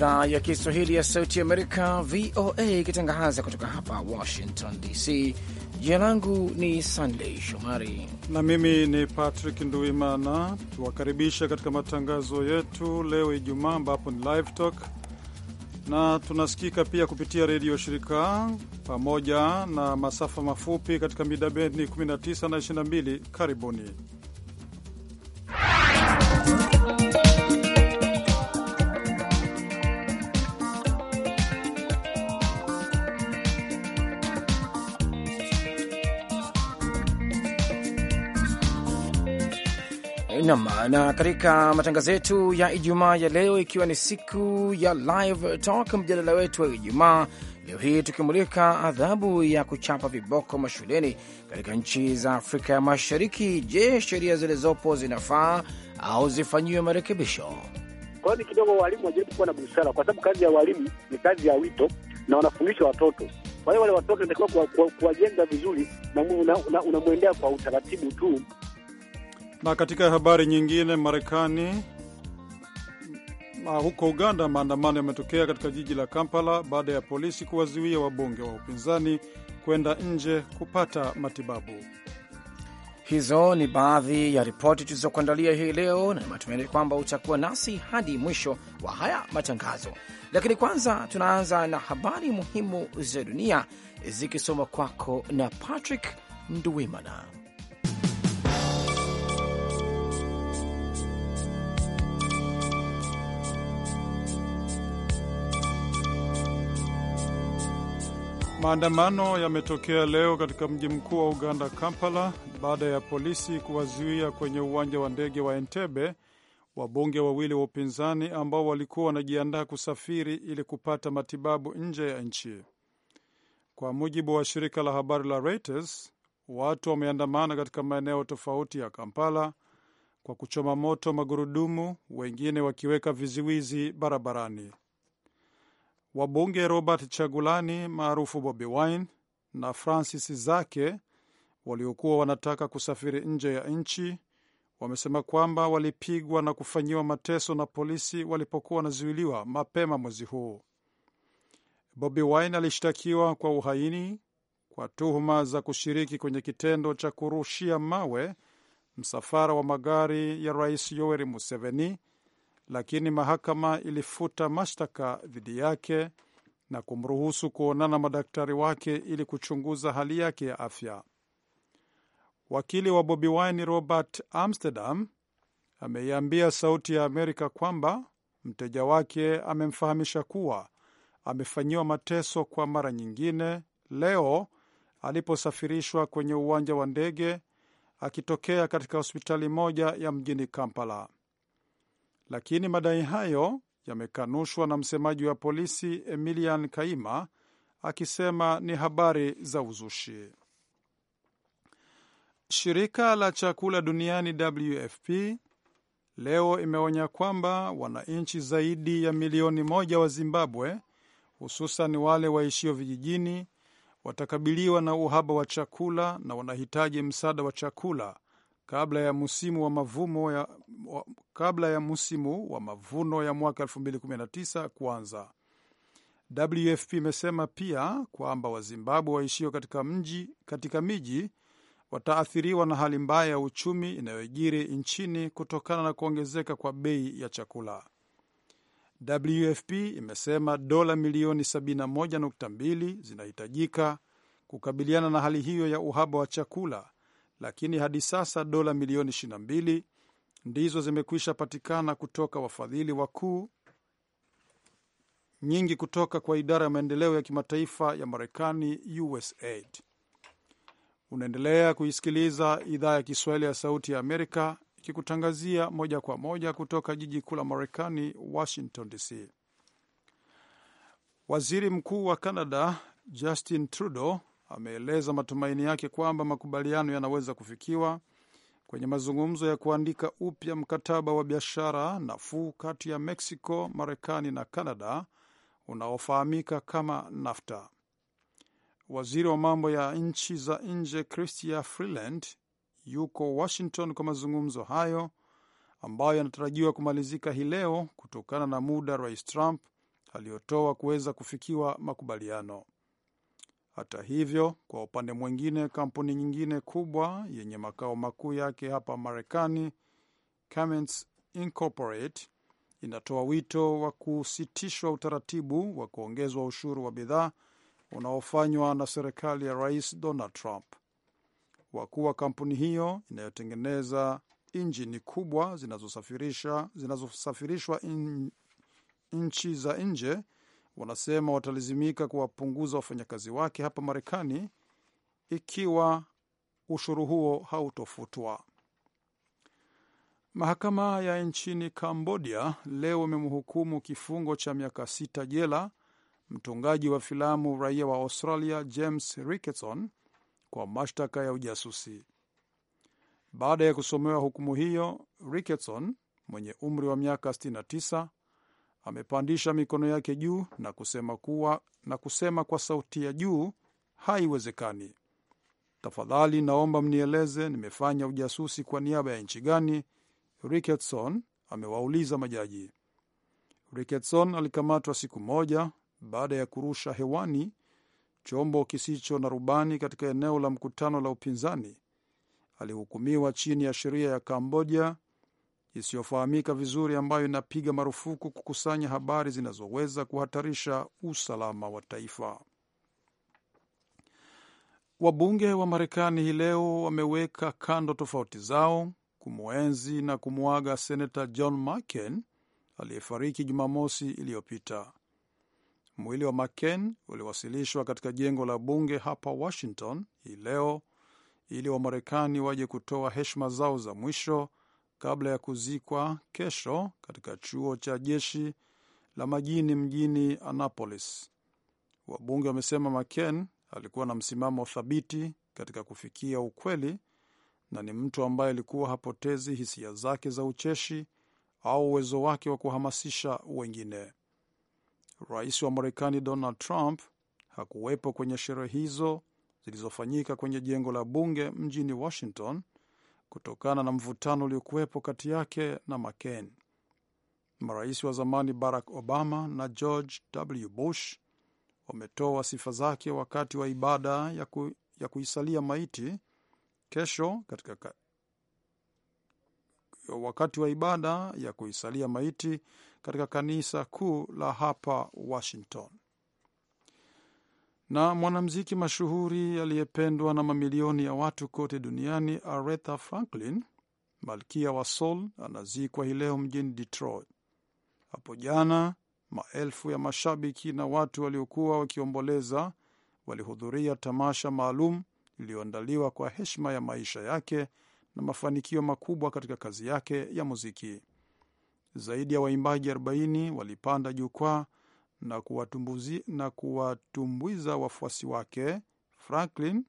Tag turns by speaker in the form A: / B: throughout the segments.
A: idhaa ya Kiswahili ya Sauti Amerika, VOA, ikitangaza kutoka hapa Washington DC. Jina langu ni Sandei Shomari na mimi ni Patrick Nduimana. Tuwakaribisha katika matangazo
B: yetu leo Ijumaa, ambapo ni Live Talk na tunasikika pia kupitia redio shirika pamoja na masafa mafupi katika mida bendi 19 na 22. Karibuni.
A: Nam na katika matangazo yetu ya Ijumaa ya leo, ikiwa ni siku ya live talk, mjadala wetu wa Ijumaa leo hii tukimulika adhabu ya kuchapa viboko mashuleni katika nchi za Afrika ya Mashariki. Je, sheria zilizopo zinafaa au zifanyiwe marekebisho?
C: Kwani kidogo walimu wajaribu kuwa na busara, kwa sababu kazi ya walimu ni kazi ya wito na wanafundisha watoto kwa hiyo wale watoto natakiwa kuwajenga vizuri na unamwendea kwa utaratibu tu,
B: na katika habari nyingine, Marekani ah, huko Uganda, maandamano yametokea katika jiji la Kampala baada ya polisi kuwazuia wabunge wa upinzani kwenda nje kupata matibabu.
A: Hizo ni baadhi ya ripoti tulizokuandalia hii leo, na matumaini kwamba utakuwa nasi hadi mwisho wa haya matangazo. Lakini kwanza tunaanza na habari muhimu za dunia zikisoma kwako na Patrick Nduwimana.
B: Maandamano yametokea leo katika mji mkuu wa Uganda, Kampala, baada ya polisi kuwazuia kwenye uwanja wa ndege wa Entebbe wabunge wawili wa upinzani ambao walikuwa wanajiandaa kusafiri ili kupata matibabu nje ya nchi. Kwa mujibu wa shirika la habari la Reuters, watu wameandamana katika maeneo tofauti ya Kampala kwa kuchoma moto magurudumu, wengine wakiweka vizuizi barabarani. Wabunge Robert Chagulani maarufu Bobi Wine na Francis Zake waliokuwa wanataka kusafiri nje ya nchi wamesema kwamba walipigwa na kufanyiwa mateso na polisi walipokuwa wanazuiliwa mapema mwezi huu. Bobi Wine alishtakiwa kwa uhaini kwa tuhuma za kushiriki kwenye kitendo cha kurushia mawe msafara wa magari ya Rais Yoweri Museveni lakini mahakama ilifuta mashtaka dhidi yake na kumruhusu kuonana madaktari wake ili kuchunguza hali yake ya afya. Wakili wa Bobi Wine Robert Amsterdam ameiambia Sauti ya Amerika kwamba mteja wake amemfahamisha kuwa amefanyiwa mateso kwa mara nyingine leo aliposafirishwa kwenye uwanja wa ndege akitokea katika hospitali moja ya mjini Kampala lakini madai hayo yamekanushwa na msemaji wa polisi Emilian Kaima akisema ni habari za uzushi. Shirika la chakula duniani WFP leo imeonya kwamba wananchi zaidi ya milioni moja wa Zimbabwe, hususan wale waishio vijijini, watakabiliwa na uhaba wa chakula na wanahitaji msaada wa chakula kabla ya msimu wa mavuno ya, wa, kabla ya msimu wa mavuno ya mwaka 2019 kuanza. WFP imesema pia kwamba Wazimbabwe waishio katika mji, katika miji wataathiriwa na hali mbaya ya uchumi inayojiri nchini kutokana na kuongezeka kwa bei ya chakula. WFP imesema dola milioni 71.2 zinahitajika kukabiliana na hali hiyo ya uhaba wa chakula lakini hadi sasa dola milioni 22 ndizo zimekwisha patikana kutoka wafadhili wakuu, nyingi kutoka kwa idara ya maendeleo ya kimataifa ya Marekani, USAID. Unaendelea kuisikiliza idhaa ya Kiswahili ya Sauti ya Amerika ikikutangazia moja kwa moja kutoka jiji kuu la Marekani, Washington DC. Waziri Mkuu wa Canada Justin Trudeau ameeleza matumaini yake kwamba makubaliano yanaweza kufikiwa kwenye mazungumzo ya kuandika upya mkataba wa biashara nafuu kati ya Mexico, Marekani na Canada unaofahamika kama NAFTA. Waziri wa mambo ya nchi za nje Chrystia Freeland yuko Washington kwa mazungumzo hayo ambayo yanatarajiwa kumalizika hii leo kutokana na muda Rais Trump aliyotoa kuweza kufikiwa makubaliano. Hata hivyo, kwa upande mwingine, kampuni nyingine kubwa yenye makao makuu yake hapa Marekani, Cummins inatoa wito wa kusitishwa utaratibu wa kuongezwa ushuru wa bidhaa unaofanywa na serikali ya Rais Donald Trump. Wakuu wa kampuni hiyo inayotengeneza injini kubwa zinazosafirishwa in, nchi za nje wanasema watalazimika kuwapunguza wafanyakazi wake hapa Marekani ikiwa ushuru huo hautofutwa. Mahakama ya nchini Kambodia leo imemhukumu kifungo cha miaka sita jela mtungaji wa filamu raia wa Australia James Ricketson kwa mashtaka ya ujasusi. Baada ya kusomewa hukumu hiyo, Ricketson mwenye umri wa miaka 69 amepandisha mikono yake juu na kusema kuwa na kusema kwa sauti ya juu, haiwezekani. Tafadhali naomba mnieleze nimefanya ujasusi kwa niaba ya nchi gani? Ricketson amewauliza majaji. Ricketson alikamatwa siku moja baada ya kurusha hewani chombo kisicho na rubani katika eneo la mkutano la upinzani. Alihukumiwa chini ya sheria ya Kambodia isiyofahamika vizuri ambayo inapiga marufuku kukusanya habari zinazoweza kuhatarisha usalama wa taifa. Wabunge wa Marekani hii leo wameweka kando tofauti zao kumwenzi na kumwaga senata John McCain aliyefariki Jumamosi iliyopita. Mwili wa McCain uliwasilishwa katika jengo la bunge hapa Washington hii leo ili Wamarekani waje kutoa heshima zao za mwisho kabla ya kuzikwa kesho katika chuo cha jeshi la majini mjini Annapolis. Wabunge wamesema McCain alikuwa na msimamo thabiti katika kufikia ukweli na ni mtu ambaye alikuwa hapotezi hisia zake za ucheshi au uwezo wake wa kuhamasisha wengine. Rais wa Marekani Donald Trump hakuwepo kwenye sherehe hizo zilizofanyika kwenye jengo la bunge mjini Washington kutokana na mvutano uliokuwepo kati yake na McCain. Marais wa zamani Barack Obama na George W. Bush wametoa sifa zake wakati wa ibada ya, ku, ya kuisalia maiti kesho katika ka, wakati wa ibada ya kuisalia maiti katika kanisa kuu la hapa Washington na mwanamuziki mashuhuri aliyependwa na mamilioni ya watu kote duniani Aretha Franklin, malkia wa soul, anazikwa hii leo mjini Detroit. Hapo jana maelfu ya mashabiki na watu waliokuwa wakiomboleza walihudhuria tamasha maalum iliyoandaliwa kwa heshima ya maisha yake na mafanikio makubwa katika kazi yake ya muziki. Zaidi ya waimbaji 40 walipanda jukwaa na kuwatumbuzi, na kuwatumbwiza wafuasi wake Franklin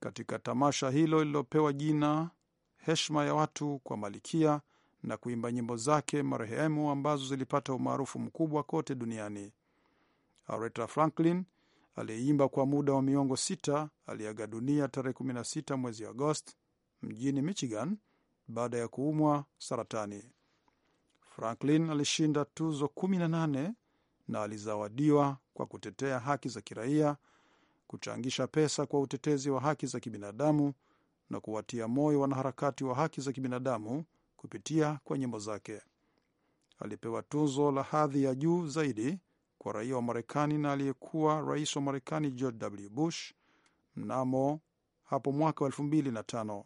B: katika tamasha hilo lililopewa jina heshima ya watu kwa Malikia na kuimba nyimbo zake marehemu ambazo zilipata umaarufu mkubwa kote duniani. Aretha Franklin aliyeimba kwa muda wa miongo sita aliaga dunia tarehe 16 mwezi Agosti mjini Michigan baada ya kuumwa saratani. Franklin alishinda tuzo 18 na alizawadiwa kwa kutetea haki za kiraia, kuchangisha pesa kwa utetezi wa haki za kibinadamu na kuwatia moyo wanaharakati wa haki za kibinadamu kupitia kwa nyimbo zake. Alipewa tuzo la hadhi ya juu zaidi kwa raia wa Marekani na aliyekuwa rais wa Marekani George W. Bush mnamo hapo mwaka wa elfu mbili na tano.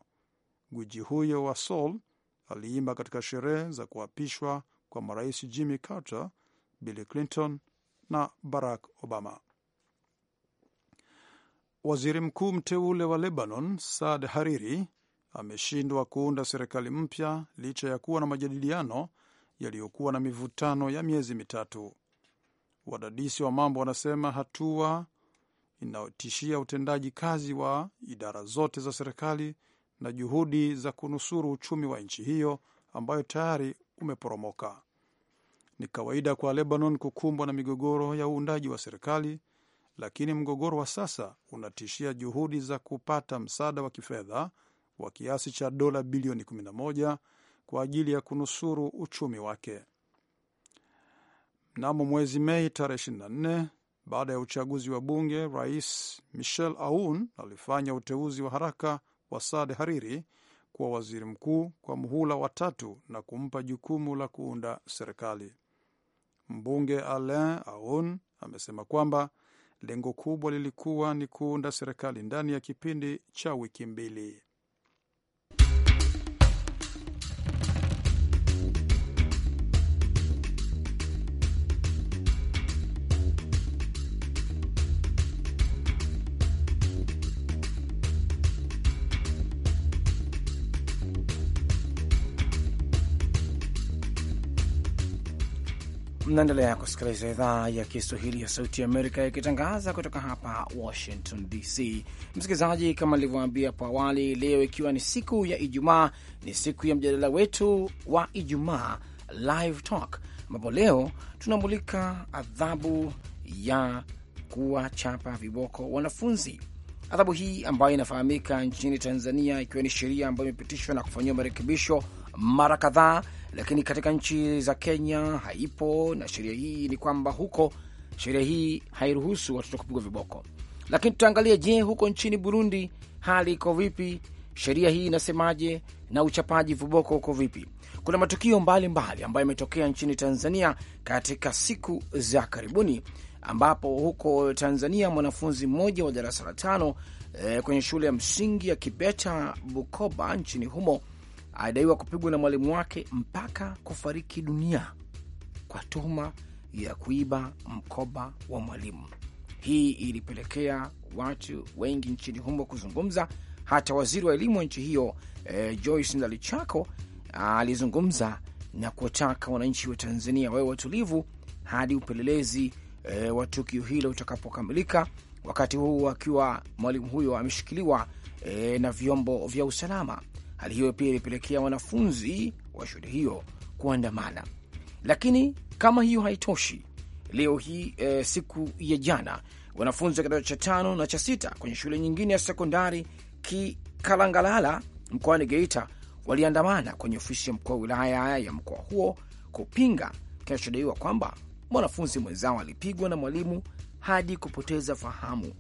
B: Gwiji huyo wa soul aliimba katika sherehe za kuapishwa kwa marais Jimmy Carter Bill Clinton na Barack Obama. Waziri mkuu mteule wa Lebanon Saad Hariri ameshindwa kuunda serikali mpya licha ya kuwa na majadiliano yaliyokuwa na mivutano ya miezi mitatu. Wadadisi wa mambo wanasema hatua inayotishia utendaji kazi wa idara zote za serikali na juhudi za kunusuru uchumi wa nchi hiyo ambayo tayari umeporomoka. Ni kawaida kwa Lebanon kukumbwa na migogoro ya uundaji wa serikali, lakini mgogoro wa sasa unatishia juhudi za kupata msaada wa kifedha wa kiasi cha dola bilioni 11 kwa ajili ya kunusuru uchumi wake. Mnamo mwezi Mei tarehe 24, baada ya uchaguzi wa bunge, Rais Michel Aoun alifanya uteuzi wa haraka wa Saad Hariri kuwa waziri mkuu kwa muhula wa tatu na kumpa jukumu la kuunda serikali. Mbunge Alain Aoun amesema kwamba lengo kubwa lilikuwa ni kuunda serikali ndani ya kipindi cha wiki mbili.
A: Mnaendelea kusikiliza idhaa ya Kiswahili ya Sauti ya Amerika ikitangaza kutoka hapa Washington DC. Msikilizaji, kama nilivyoambia hapo awali, leo ikiwa ni siku ya Ijumaa, ni siku ya mjadala wetu wa Ijumaa Live Talk, ambapo leo tunamulika adhabu ya kuwachapa viboko wanafunzi. Adhabu hii ambayo inafahamika nchini Tanzania, ikiwa ni sheria ambayo imepitishwa na kufanyiwa marekebisho mara kadhaa, lakini katika nchi za Kenya haipo, na sheria hii ni kwamba huko sheria hii hairuhusu watoto kupigwa viboko. Lakini tutaangalia, je, huko nchini Burundi hali iko vipi? Sheria hii inasemaje? Na uchapaji viboko uko vipi? Kuna matukio mbalimbali mbali ambayo yametokea nchini Tanzania katika siku za karibuni, ambapo huko Tanzania mwanafunzi mmoja wa darasa la tano e, kwenye shule ya msingi ya Kibeta Bukoba nchini humo adaiwa kupigwa na mwalimu wake mpaka kufariki dunia kwa tuhuma ya kuiba mkoba wa mwalimu. Hii ilipelekea watu wengi nchini humo kuzungumza. Hata waziri wa elimu wa nchi hiyo e, Joyce Ndalichako alizungumza na kuwataka wananchi wa Tanzania wawe watulivu hadi upelelezi e, wa tukio hilo utakapokamilika, wakati huu akiwa mwalimu huyo ameshikiliwa e, na vyombo vya usalama. Hali hiyo pia ilipelekea wanafunzi wa shule hiyo kuandamana. Lakini kama hiyo haitoshi, leo hii e, siku ya jana wanafunzi wa kidato cha tano na cha sita kwenye shule nyingine ya sekondari Kikalangalala mkoani Geita waliandamana kwenye ofisi ya mkuu wa wilaya ya mkoa huo kupinga kinachodaiwa kwamba mwanafunzi mwenzao alipigwa na mwalimu hadi kupoteza fahamu,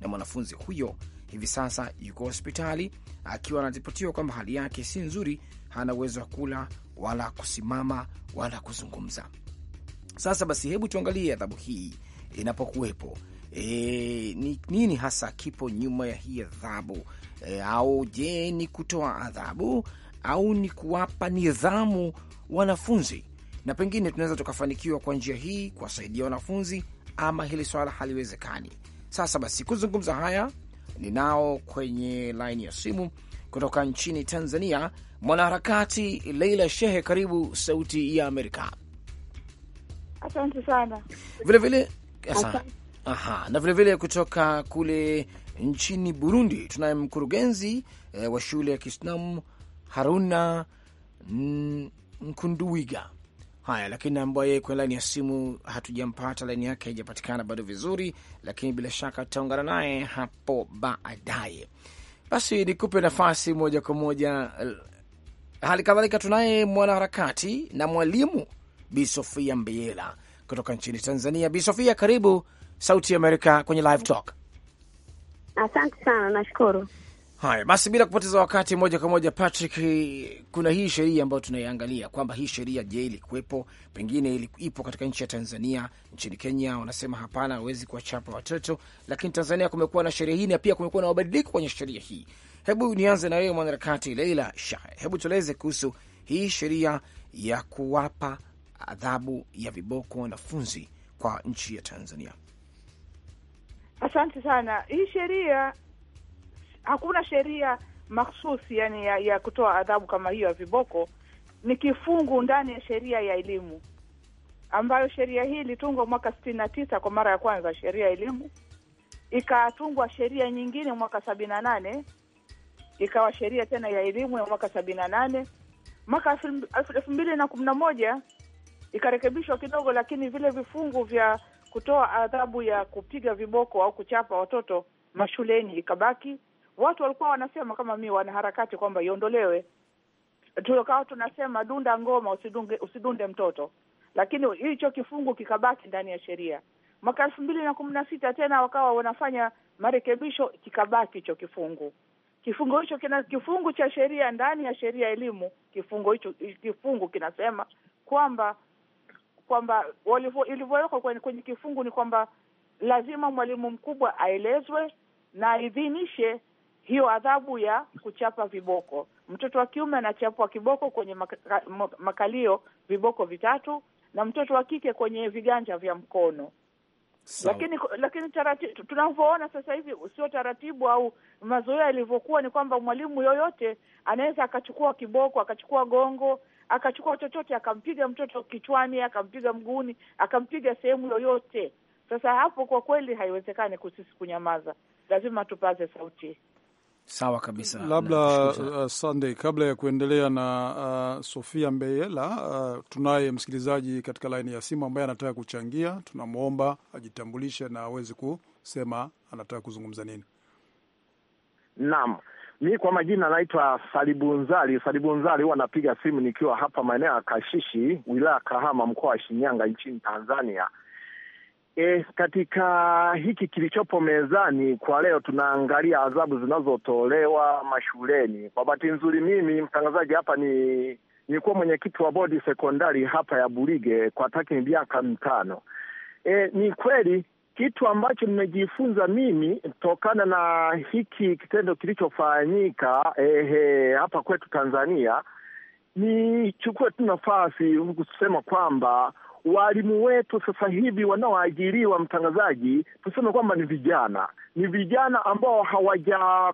A: na mwanafunzi huyo hivi sasa yuko hospitali akiwa anaripotiwa kwamba hali yake si nzuri, hana uwezo wa kula wala kusimama wala kuzungumza. Sasa basi, hebu tuangalie adhabu hii inapokuwepo. E, ni nini hasa kipo nyuma ya hii adhabu e? Au je, ni kutoa adhabu au ni kuwapa nidhamu wanafunzi? Na pengine tunaweza tukafanikiwa kwa njia hii kuwasaidia wanafunzi, ama hili swala haliwezekani? Sasa basi, kuzungumza haya Ninao kwenye laini ya simu kutoka nchini Tanzania, mwanaharakati Leila Shehe, karibu Sauti ya Amerika.
D: Asante sana.
A: Vile vile, Aha, na vilevile vile kutoka kule nchini Burundi tunaye mkurugenzi eh, wa shule ya Kiislamu Haruna Nkunduwiga. Haya, lakini ambaye kwenye laini ya simu hatujampata, laini yake haijapatikana bado vizuri, lakini bila shaka tutaungana naye hapo baadaye. Basi nikupe nafasi moja kwa moja. Eh, hali kadhalika tunaye mwanaharakati na mwalimu Bi Sofia Mbiela kutoka nchini Tanzania. Bi Sofia, karibu Sauti ya Amerika kwenye Live Talk.
E: Asante sana, nashukuru.
A: Haya basi, bila kupoteza wakati, moja kwa moja Patrick, kuna hii sheria ambayo tunaiangalia kwamba hii sheria, je, ilikuwepo? Pengine ipo katika nchi ya Tanzania. Nchini Kenya wanasema hapana, hawezi kuwachapa watoto, lakini Tanzania kumekuwa na sheria hii na pia kumekuwa na mabadiliko kwenye sheria hii. Hebu nianze na wewe mwanaharakati Leila Shahe, hebu tueleze kuhusu hii sheria ya kuwapa adhabu ya viboko wanafunzi kwa nchi ya Tanzania.
D: Asante sana. Hii sheria hakuna sheria mahsusi yani ya, ya kutoa adhabu kama hiyo ya viboko. Ni kifungu ndani ya sheria ya elimu ambayo sheria hii ilitungwa mwaka sitini na tisa kwa mara ya kwanza sheria ya elimu, ikatungwa sheria nyingine mwaka sabini na nane ikawa sheria tena ya elimu ya mwaka sabini na nane Mwaka elfu mbili na kumi na moja ikarekebishwa kidogo, lakini vile vifungu vya kutoa adhabu ya kupiga viboko au kuchapa watoto mashuleni ikabaki, watu walikuwa wanasema kama mi wanaharakati kwamba iondolewe. Tukawa tunasema dunda ngoma, usidunge, usidunde mtoto, lakini hicho kifungu kikabaki ndani ya sheria. Mwaka elfu mbili na kumi na sita tena wakawa wanafanya marekebisho, kikabaki hicho kifungu. Kifungu hicho kina kifungu cha sheria ndani ya sheria ya elimu, kifungu hicho kifungu kinasema kwamba kwamba ilivyowekwa kwenye, kwenye kifungu ni kwamba lazima mwalimu mkubwa aelezwe na aidhinishe hiyo adhabu ya kuchapa viboko. Mtoto wa kiume anachapwa kiboko kwenye makalio viboko vitatu, na mtoto wa kike kwenye viganja vya mkono. So, lakini lakini taratibu tunavyoona sasa hivi sio taratibu au mazoea yalivyokuwa, ni kwamba mwalimu yoyote anaweza akachukua kiboko, akachukua gongo, akachukua chochote, akampiga mtoto kichwani, akampiga mguuni, akampiga sehemu yoyote. Sasa hapo kwa kweli haiwezekani kusisi kunyamaza, lazima tupaze sauti.
A: Sawa kabisa, labda uh,
B: Sunday, kabla ya kuendelea na uh, Sofia Mbeyela uh, tunaye msikilizaji katika laini ya simu ambaye anataka kuchangia. Tunamwomba ajitambulishe na aweze kusema anataka kuzungumza nini.
F: Naam, mi kwa majina naitwa Salibunzali. Salibunzali huwa napiga simu nikiwa hapa maeneo ya Kashishi, wilaya Kahama, mkoa wa Shinyanga, nchini Tanzania. E, katika hiki kilichopo mezani kwa leo tunaangalia adhabu zinazotolewa mashuleni. Kwa bahati nzuri, mimi mtangazaji hapa ni nilikuwa mwenyekiti wa bodi sekondari hapa ya Burige kwa takriban miaka mitano. E, ni kweli kitu ambacho nimejifunza mimi tokana na hiki kitendo kilichofanyika ehe, hapa kwetu Tanzania, nichukue tu nafasi kusema kwamba Waalimu wetu sasa hivi wanaoajiriwa, mtangazaji, tuseme kwamba ni vijana, ni vijana ambao hawaja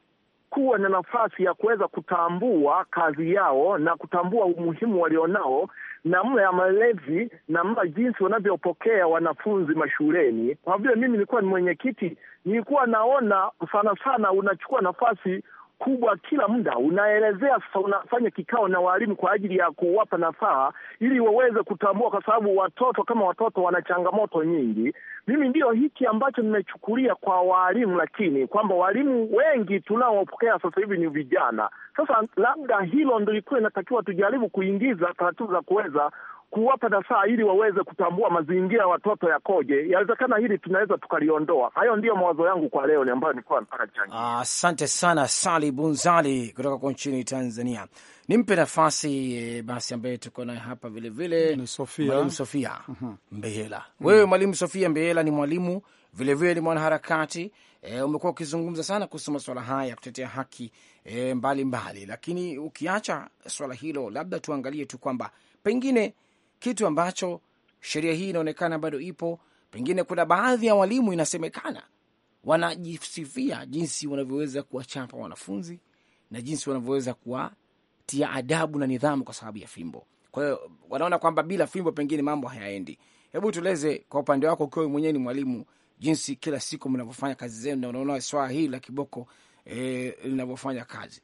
F: kuwa na nafasi ya kuweza kutambua kazi yao na kutambua umuhimu walionao, namna ya malezi, namna jinsi wanavyopokea wanafunzi mashuleni. Kwa vile mimi nilikuwa ni mwenyekiti, nilikuwa naona sana sana unachukua nafasi kubwa kila muda, unaelezea sasa, unafanya kikao na walimu kwa ajili ya kuwapa nafaa ili waweze kutambua, kwa sababu watoto kama watoto wana changamoto nyingi. Mimi ndio hiki ambacho nimechukulia kwa walimu, lakini kwamba walimu wengi tunaopokea sasa hivi ni vijana. Sasa labda hilo ndo ilikuwa inatakiwa tujaribu kuingiza taratibu za kuweza kuwapa nasaha ili waweze kutambua mazingira ya watoto yakoje. Yawezekana hili tunaweza tukaliondoa. Hayo ndiyo mawazo
A: yangu kwa leo, ni ambayo nilikuwa nataka changia. Asante ah, sana Sali Bunzali kutoka kwa nchini Tanzania. Nimpe nafasi e, basi ambaye tuko naye hapa vilevile Sofia, Mwalimu Sofia mhm. Mbehela mm -hmm. Wewe Mwalimu Sofia Mbehela ni mwalimu vilevile ni mwanaharakati e, umekuwa ukizungumza sana kuhusu masuala haya ya kutetea haki e, mbalimbali e, mbali. Lakini ukiacha swala hilo, labda tuangalie tu kwamba pengine kitu ambacho sheria hii inaonekana bado ipo. Pengine kuna baadhi ya walimu inasemekana wanajisifia jinsi wanavyoweza kuwachapa wanafunzi na jinsi wanavyoweza kuwatia adabu na nidhamu kwa sababu ya fimbo. Kwa hiyo wanaona kwamba bila fimbo pengine mambo hayaendi. Hebu tueleze kwa upande wako, ukiwa mwenyewe ni mwalimu, jinsi kila siku mnavyofanya kazi zenu na unaona swala hili la kiboko eh, linavyofanya e, kazi.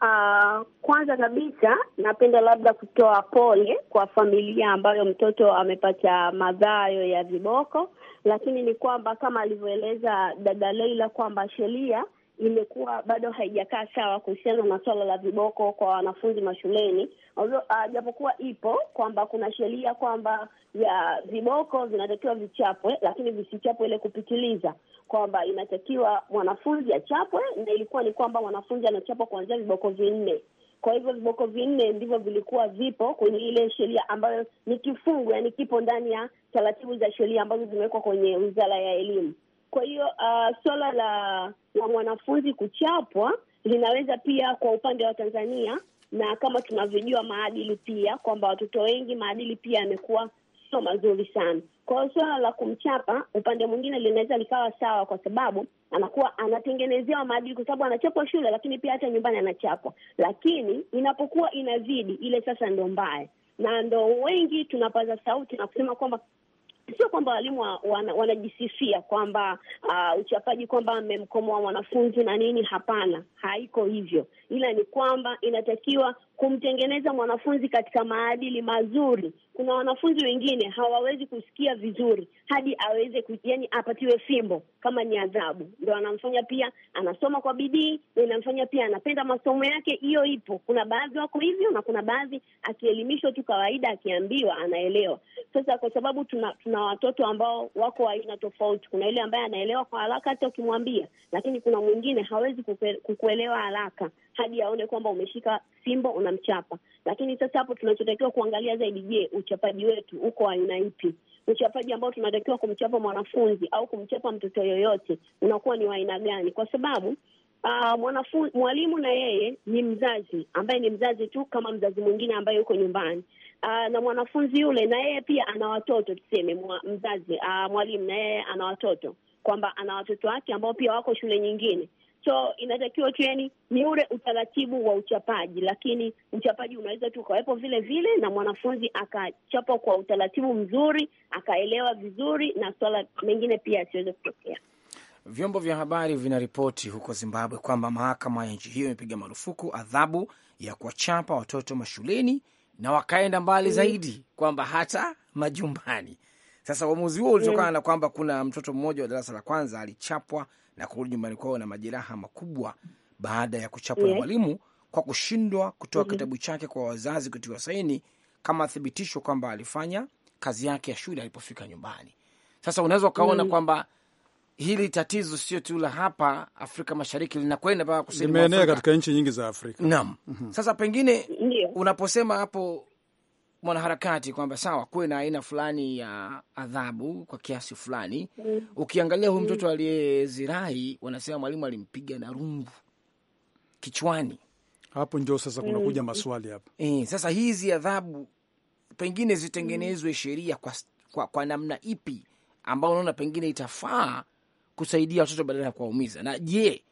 E: Uh, kwanza kabisa napenda labda kutoa pole kwa familia ambayo mtoto amepata madhayo ya viboko, lakini ni kwamba kama alivyoeleza dada Leila kwamba sheria imekuwa bado haijakaa sawa kuhusiana na swala la viboko kwa wanafunzi mashuleni, ah, japokuwa uh, ipo kwamba kuna sheria kwamba ya viboko vinatakiwa vichapwe, lakini visichapwe ile kupitiliza, kwamba inatakiwa mwanafunzi achapwe, na ilikuwa ni kwamba mwanafunzi anachapwa kuanzia viboko vinne. Kwa hivyo viboko vinne ndivyo vilikuwa vipo kwenye ile sheria ambayo ni kifungu, yani kipo ndani ya taratibu za sheria ambazo zimewekwa kwenye Wizara ya Elimu. Kwa hiyo uh, swala la, la mwanafunzi kuchapwa linaweza pia kwa upande wa Tanzania, na kama tunavyojua maadili pia kwamba watoto wengi maadili pia yamekuwa sio mazuri sana. Kwa hiyo swala la kumchapa upande mwingine linaweza likawa sawa, kwa sababu anakuwa anatengenezewa maadili, kwa sababu anachapwa shule, lakini pia hata nyumbani anachapwa. Lakini inapokuwa inazidi ile, sasa ndo mbaya, na ndo wengi tunapaza sauti na kusema kwamba Sio kwamba walimu wana, wanajisifia kwamba uh, uchapaji kwamba amemkomoa mwanafunzi na nini. Hapana, haiko hivyo, ila ni kwamba inatakiwa kumtengeneza mwanafunzi katika maadili mazuri kuna wanafunzi wengine hawawezi kusikia vizuri hadi aweze ku, yani apatiwe fimbo kama ni adhabu, ndo anamfanya pia anasoma kwa bidii, ndo inamfanya pia anapenda masomo yake. Hiyo ipo, kuna baadhi wako hivyo na kuna baadhi akielimishwa tu kawaida, akiambiwa anaelewa. Sasa kwa sababu tuna, tuna watoto ambao wako aina tofauti, kuna yule ambaye anaelewa kwa haraka hata ukimwambia, lakini kuna mwingine hawezi kukuelewa haraka hadi aone kwamba umeshika fimbo unamchapa. Lakini sasa hapo tunachotakiwa kuangalia zaidi, je, uchapaji wetu uko aina ipi? Uchapaji ambao tunatakiwa kumchapa mwanafunzi au kumchapa mtoto yoyote unakuwa ni wa aina gani? Kwa sababu Uh, mwanafu, mwalimu na yeye ni mzazi ambaye ni mzazi tu kama mzazi mwingine ambaye yuko nyumbani. Uh, na mwanafunzi yule na yeye pia ana watoto tuseme, mwa, mzazi uh, mwalimu na yeye ana watoto, kwamba ana watoto wake ambao pia wako shule nyingine so inatakiwa cheni, ni ule utaratibu wa uchapaji, lakini uchapaji unaweza tu ukawepo vile vile na mwanafunzi akachapa kwa utaratibu mzuri, akaelewa vizuri, na swala mengine pia asiweze kutokea.
A: Vyombo vya habari vinaripoti huko Zimbabwe kwamba mahakama ya nchi hiyo imepiga marufuku adhabu ya kuwachapa watoto mashuleni na wakaenda mbali mm, zaidi kwamba hata majumbani. Sasa uamuzi huo ulitokana mm, na kwamba kuna mtoto mmoja wa darasa la kwanza alichapwa na kurudi nyumbani kwao na majeraha makubwa baada ya kuchapwa yeah, na mwalimu kwa kushindwa kutoa mm -hmm. kitabu chake kwa wazazi kutiwa saini kama thibitisho kwamba alifanya kazi yake ya shule alipofika nyumbani. Sasa unaweza ukaona mm -hmm. kwamba hili tatizo sio tu la hapa Afrika Mashariki, linakwenda mpaka kusema limeenea katika nchi nyingi za Afrika. Naam. mm -hmm. Sasa pengine yeah, unaposema hapo mwanaharakati kwamba sawa, kuwe na aina fulani ya adhabu kwa kiasi fulani mm. Ukiangalia huyu mtoto mm-hmm. aliyezirai, wanasema mwalimu alimpiga na rungu kichwani. Hapo ndio sasa kunakuja mm-hmm. maswali hapa e. Eh, sasa hizi adhabu pengine zitengenezwe sheria kwa, kwa, kwa namna ipi ambayo unaona pengine itafaa kusaidia watoto badala ya kuwaumiza. Na je,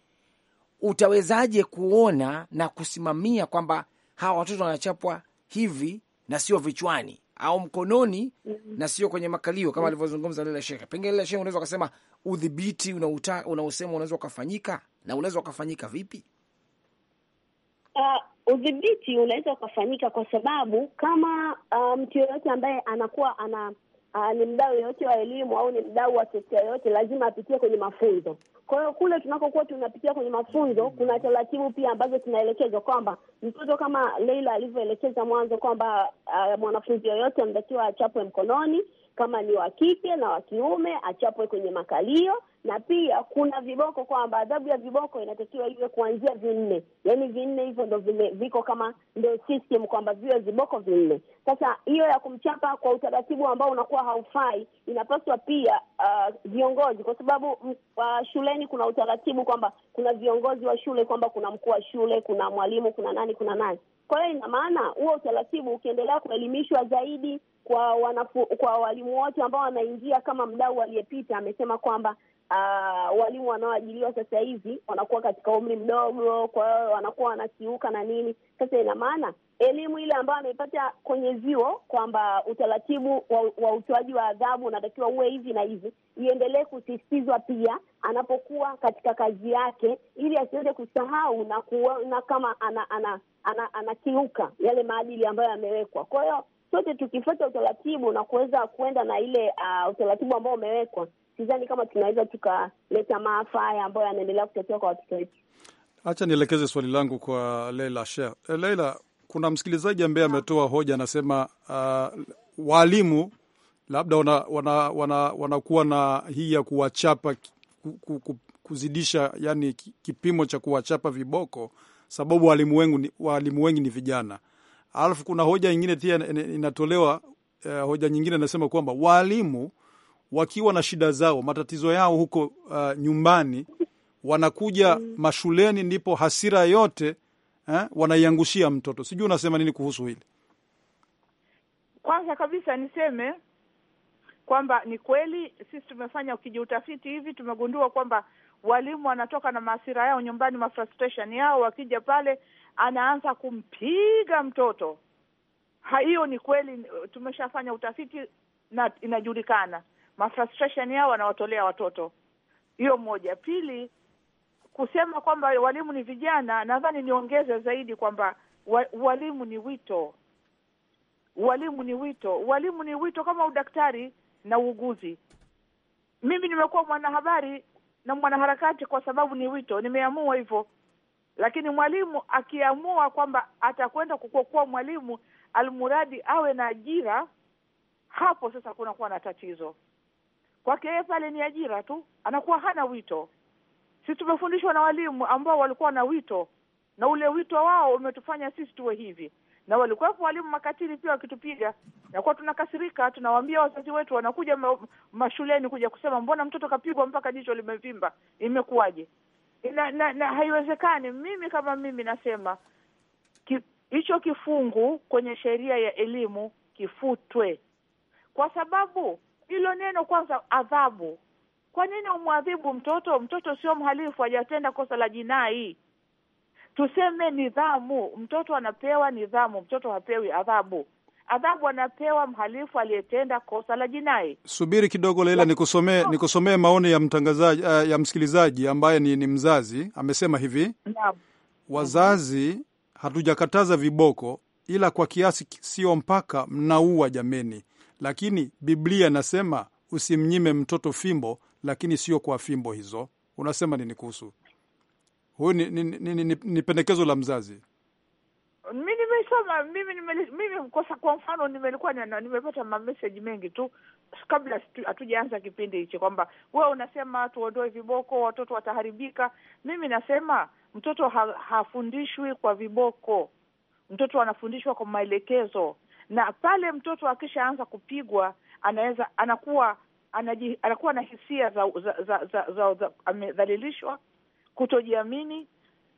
A: utawezaje kuona na kusimamia kwamba hawa watoto wanachapwa hivi na sio vichwani au mkononi mm -hmm. na sio kwenye makalio kama mm-hmm. alivyozungumza lile Shehe. Pengine lile Shehe, unaweza ukasema udhibiti unaosema unaweza ukafanyika na unaweza ukafanyika vipi?
E: Uh, udhibiti unaweza ukafanyika kwa sababu kama uh, mtu um, yoyote ambaye anakuwa ana uh, ni mdau yoyote wa elimu au ni mdau wa sekta yoyote lazima apitie kwenye mafunzo. Kwa hiyo kule tunakokuwa tunapitia kwenye mafunzo, kuna taratibu pia ambazo tunaelekezwa kwamba mtoto kama Leila alivyoelekeza mwanzo kwamba uh, mwanafunzi yoyote anatakiwa achapwe mkononi, kama ni wa kike na wa kiume achapwe kwenye makalio na pia kuna viboko kwamba adhabu ya viboko inatakiwa iwe kuanzia vinne, yaani vinne hivyo ndo vile viko kama ndo system kwamba viwe viboko vinne. Sasa hiyo ya kumchapa kwa utaratibu ambao unakuwa haufai inapaswa pia uh, viongozi kwa sababu uh, shuleni kuna utaratibu kwamba kuna viongozi wa shule, kwamba kuna mkuu wa shule, kuna mwalimu, kuna nani, kuna nani. Kwa hiyo ina maana huo utaratibu ukiendelea kuelimishwa zaidi kwa wanafu, kwa walimu wote ambao wanaingia, kama mdau aliyepita amesema kwamba uh, walimu wanaoajiriwa sasa hivi wanakuwa katika umri mdogo, kwa hiyo wanakuwa wanakiuka na nini. Sasa ina maana elimu ile ambayo ameipata kwenye vyuo kwamba utaratibu wa utoaji wa adhabu unatakiwa uwe hivi na hivi, iendelee kusisitizwa pia anapokuwa katika kazi yake, ili asiweze kusahau na kuona kama ana, ana, ana, ana, anakiuka yale maadili ambayo yamewekwa. Kwa hiyo sote tukifuata utaratibu na kuweza kuenda na ile uh, utaratibu ambao umewekwa, sidhani kama tunaweza tukaleta maafa haya ambayo yanaendelea kutokea kwa watoto wetu.
B: Hacha nielekeze swali langu kwa Leila Sheikh. Eh, Leila, kuna msikilizaji ambaye ametoa hoja, anasema uh, waalimu labda wanakuwa wana, wana, wana na hii ya kuwachapa kuzidisha, yani kipimo cha kuwachapa viboko, sababu waalimu wengi ni vijana Alafu kuna hoja nyingine pia inatolewa, uh, hoja nyingine inasema kwamba waalimu wakiwa na shida zao, matatizo yao huko uh, nyumbani, wanakuja mashuleni, ndipo hasira yote eh, wanaiangushia mtoto. Sijui unasema nini kuhusu hili?
D: Kwanza kabisa niseme kwamba ni kweli, sisi tumefanya ukijiutafiti hivi, tumegundua kwamba walimu wanatoka na maasira yao nyumbani, mafrustration yao, wakija pale anaanza kumpiga mtoto. Hiyo ni kweli, tumeshafanya utafiti na inajulikana mafrustration yao wanawatolea watoto. Hiyo moja. Pili, kusema kwamba walimu ni vijana, nadhani niongeze zaidi kwamba walimu ni wito, walimu ni wito, walimu ni wito kama udaktari na uuguzi. Mimi nimekuwa mwanahabari na mwanaharakati kwa sababu ni wito, nimeamua hivyo lakini mwalimu akiamua kwamba atakwenda kukuwa mwalimu, almuradi awe na ajira, hapo sasa kunakuwa na tatizo kwake yeye. Pale ni ajira tu, anakuwa hana wito. Sisi tumefundishwa na walimu ambao walikuwa na wito, na ule wito wao umetufanya sisi tuwe hivi, na walikuwepo walimu makatili pia wakitupiga nakuwa tunakasirika, tunawaambia wazazi wetu, wanakuja mashuleni kuja kusema mbona mtoto kapigwa mpaka jicho limevimba, imekuwaje? na, na, na haiwezekani. Mimi kama mimi nasema hicho ki, kifungu kwenye sheria ya elimu kifutwe, kwa sababu hilo neno kwanza, adhabu. Kwa nini umwadhibu mtoto? Mtoto sio mhalifu, hajatenda kosa la jinai. Tuseme nidhamu, mtoto anapewa nidhamu, mtoto hapewi adhabu adhabu anapewa mhalifu aliyetenda kosa la jinai.
B: Subiri kidogo Leila, nikusomee nikusomee maoni ya mtangazaji eh, ya msikilizaji ambaye ni, ni mzazi amesema hivi Naam. Wazazi hatujakataza viboko, ila kwa kiasi sio mpaka mnaua jameni. Lakini Biblia nasema usimnyime mtoto fimbo, lakini sio kwa fimbo hizo. Unasema nini kuhusu huyu? Ni, ni, ni, ni, ni pendekezo la mzazi
D: nimesoma mimi mimi mkosa kwa mfano nimelikuwa nimepata mameseji mengi tu kabla hatujaanza kipindi hichi kwamba wewe unasema tuondoe viboko, watoto wataharibika. Mimi nasema mtoto ha, hafundishwi kwa viboko, mtoto anafundishwa kwa maelekezo, na pale mtoto akishaanza kupigwa anaweza anakuwa anaji, anakuwa na hisia za za za, za, za, za amedhalilishwa, kutojiamini,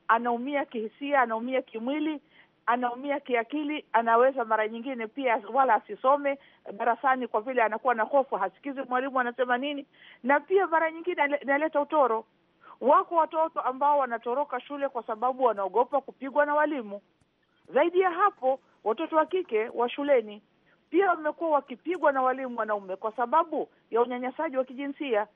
D: anaumia kihisia, anaumia kimwili anaumia kiakili, anaweza mara nyingine pia wala asisome darasani kwa vile anakuwa na hofu, hasikizi mwalimu anasema nini, na pia mara nyingine inaleta utoro. Wako watoto ambao wanatoroka shule kwa sababu wanaogopa kupigwa na walimu. Zaidi ya hapo, watoto wa kike wa shuleni pia wamekuwa wakipigwa na walimu wanaume kwa sababu ya unyanyasaji wa kijinsia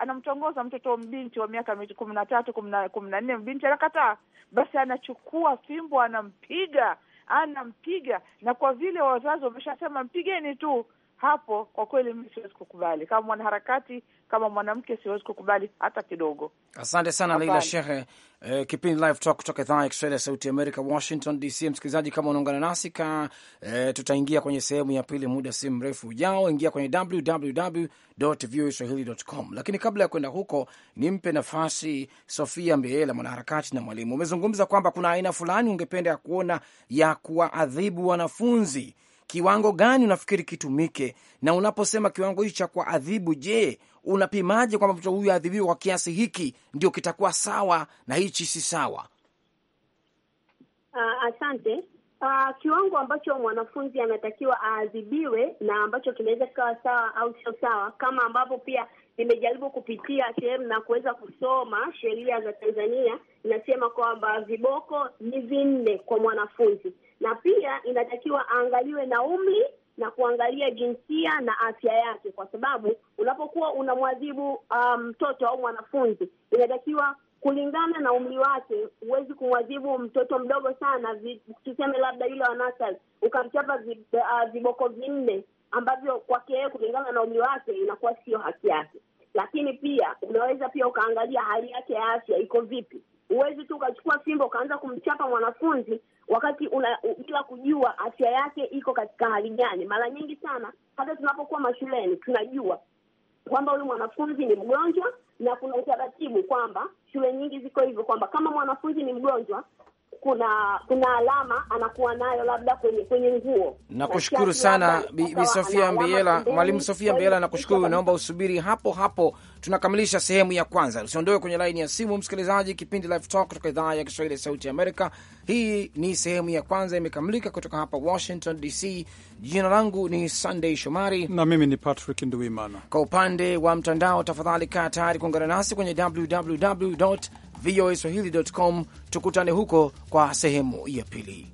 D: anamtongoza mtoto mbinti wa miaka kumi na tatu kumi na nne mbinti anakataa, basi anachukua fimbo anampiga anampiga, na kwa vile wazazi wameshasema mpigeni tu, hapo kwa kweli mimi siwezi kukubali. Kama mwanaharakati, kama mwanamke, siwezi kukubali hata kidogo.
A: Asante sana Leila Shehe. Eh, kipindi Live Talk kutoka idhaa ya Kiswahili ya Sauti Amerika, Washington DC. Msikilizaji, kama unaungana nasi ka eh, tutaingia kwenye sehemu ya pili muda si mrefu ujao. Ingia kwenye www.voaswahili.com, lakini kabla ya kwenda huko, nimpe nafasi Sofia Mbeela, mwanaharakati na mwalimu. Umezungumza kwamba kuna aina fulani ungependa ya kuona ya kuwaadhibu wanafunzi kiwango gani unafikiri kitumike? Na unaposema kiwango hichi cha kuadhibu, je, unapimaje kwamba mtoto huyu aadhibiwe kwa kiasi hiki ndio kitakuwa sawa na hichi si sawa?
E: Uh, asante. Uh, kiwango ambacho mwanafunzi anatakiwa aadhibiwe na ambacho kinaweza kikawa sawa au sio sawa, kama ambavyo pia nimejaribu kupitia sehemu na kuweza kusoma sheria za Tanzania, inasema kwamba viboko ni vinne kwa mwanafunzi, na pia inatakiwa aangaliwe na umri na kuangalia jinsia na afya yake, kwa sababu unapokuwa unamwadhibu um, mtoto um, au mwanafunzi inatakiwa kulingana na umri wake. Huwezi kumwadhibu mtoto mdogo sana, tuseme labda yule wa nasari ukamchapa uh, viboko vinne ambavyo kwake yeye kulingana na umri wake inakuwa sio haki yake. Lakini pia unaweza pia ukaangalia hali yake ya afya iko vipi. Huwezi tu ukachukua fimbo ukaanza kumchapa mwanafunzi wakati una, bila kujua afya yake iko katika hali gani. Mara nyingi sana hata tunapokuwa mashuleni tunajua kwamba huyu mwanafunzi ni mgonjwa, na kuna utaratibu kwamba shule nyingi ziko hivyo kwamba kama mwanafunzi ni mgonjwa, kuna kuna alama anakuwa nayo labda kwenye kwenye nguo. Nakushukuru sana Bibi Sofia Mbiela, Mwalimu Sofia Mbiela,
A: nakushukuru. Naomba usubiri hapo hapo, tunakamilisha sehemu ya kwanza. Usiondoe kwenye laini ya simu, msikilizaji. Kipindi Live Talk kutoka idhaa ya Kiswahili ya Sauti ya Amerika. Hii ni sehemu ya kwanza imekamilika, kutoka hapa Washington DC. Jina langu ni Sunday Shomari na mimi ni Patrick Nduimana. Kwa upande wa mtandao, tafadhali kaa tayari kuungana nasi kwenye www voaswahili.com. Tukutane huko kwa sehemu ya pili.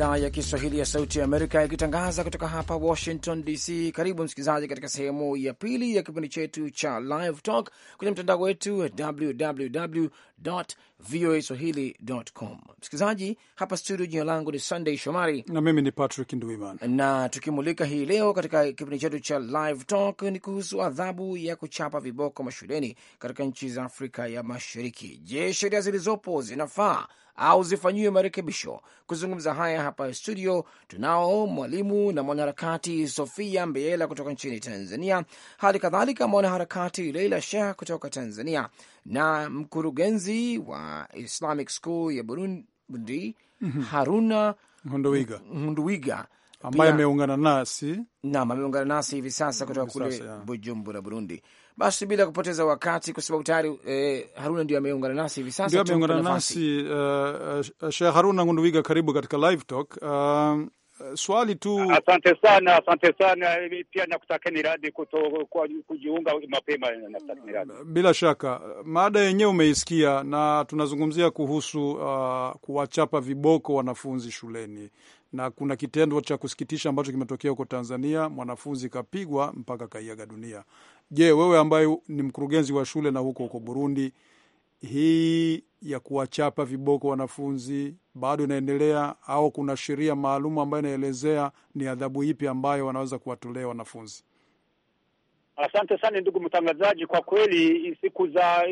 A: idhaa ya Kiswahili ya Sauti ya Amerika ikitangaza kutoka hapa Washington DC. Karibu msikilizaji, katika sehemu ya pili ya kipindi chetu cha Live Talk kwenye mtandao wetu www voa Msikilizaji hapa studio, jina langu ni Sunday Shomari na mimi ni Patrick Ndwiman, na tukimulika hii leo katika kipindi chetu cha Live Talk ni kuhusu adhabu ya kuchapa viboko mashuleni katika nchi za Afrika ya Mashariki. Je, sheria zilizopo zinafaa au zifanyiwe marekebisho? Kuzungumza haya hapa studio tunao mwalimu na mwanaharakati Sofia Mbeela kutoka nchini Tanzania, hali kadhalika mwanaharakati Leila Shah kutoka Tanzania na mkurugenzi wa Islamic School ya Burundi mm -hmm. Haruna Nduwiga Nduwiga ambaye ameungana nasi nam ameungana nasi hivi sasa kutoka kule Bujumbura, Burundi. Basi bila kupoteza wakati, kwa sababu tayari eh, Haruna ndio ameungana nasi hivi sasa, ameungana
B: nasi uh, Sheikh Haruna Ngunduwiga, karibu katika Live Talk. Uh, Eh, swali tu. Asante sana, asante
G: sana. Pia nakutakeni radhi kujiunga mapema.
B: Bila shaka mada yenyewe umeisikia, na tunazungumzia kuhusu uh, kuwachapa viboko wanafunzi shuleni, na kuna kitendo cha kusikitisha ambacho kimetokea huko Tanzania, mwanafunzi kapigwa mpaka kaiaga dunia. Je, wewe ambaye ni mkurugenzi wa shule na huko huko Burundi hii ya kuwachapa viboko wanafunzi bado inaendelea au kuna sheria maalum ambayo inaelezea ni adhabu ipi ambayo wanaweza kuwatolea wanafunzi?
G: Asante sana ndugu mtangazaji. Kwa kweli, siku za